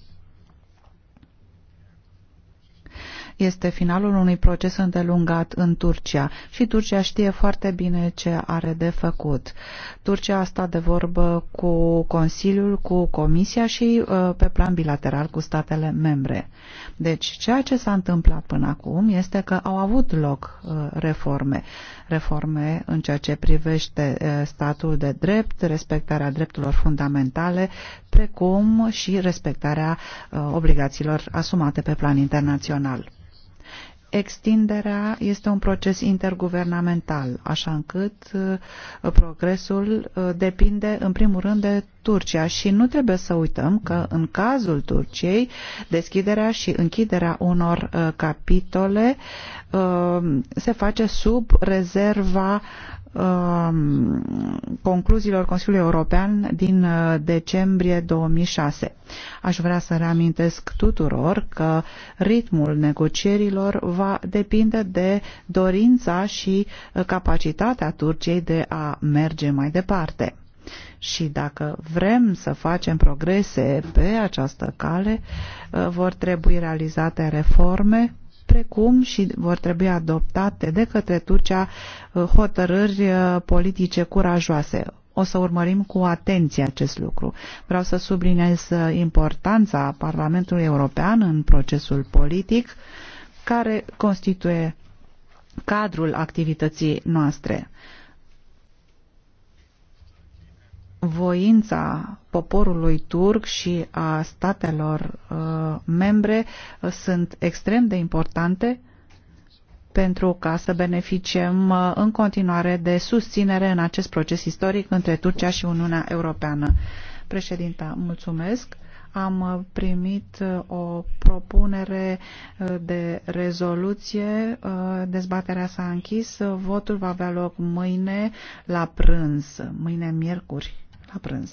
Este finalul unui proces îndelungat în Turcia și Turcia știe foarte bine ce are de făcut. Turcia a stat de vorbă cu Consiliul, cu Comisia și uh, pe plan bilateral cu statele membre. Deci, ceea ce s-a întâmplat până acum este că au avut loc uh, reforme. Reforme în ceea ce privește uh, statul de drept, respectarea drepturilor fundamentale, precum și respectarea obligațiilor asumate pe plan internațional. Extinderea este un proces interguvernamental, așa încât uh, progresul uh, depinde în primul rând de Turcia și nu trebuie să uităm că în cazul Turciei deschiderea și închiderea unor uh, capitole se face sub rezerva Um, concluziilor Consiliului European din uh, decembrie 2006. Aș vrea să reamintesc tuturor că ritmul negocierilor va depinde de dorința și uh, capacitatea Turciei de a merge mai departe. Și dacă vrem să facem progrese pe această cale, uh, vor trebui realizate reforme precum și vor trebui adoptate de către Turcia uh, hotărâri uh, politice curajoase. O să urmărim cu atenție acest lucru. Vreau să subliniez uh, importanța Parlamentului European în procesul politic care constituie cadrul activității noastre. voința poporului turc și a statelor uh, membre uh, sunt extrem de importante pentru ca să beneficiem uh, în continuare de susținere în acest proces istoric între Turcia și Uniunea Europeană. Președinta, mulțumesc. Am uh, primit uh, o propunere de rezoluție. Dezbaterea s-a închis. Votul va avea loc mâine la prânz, mâine miercuri la prânz.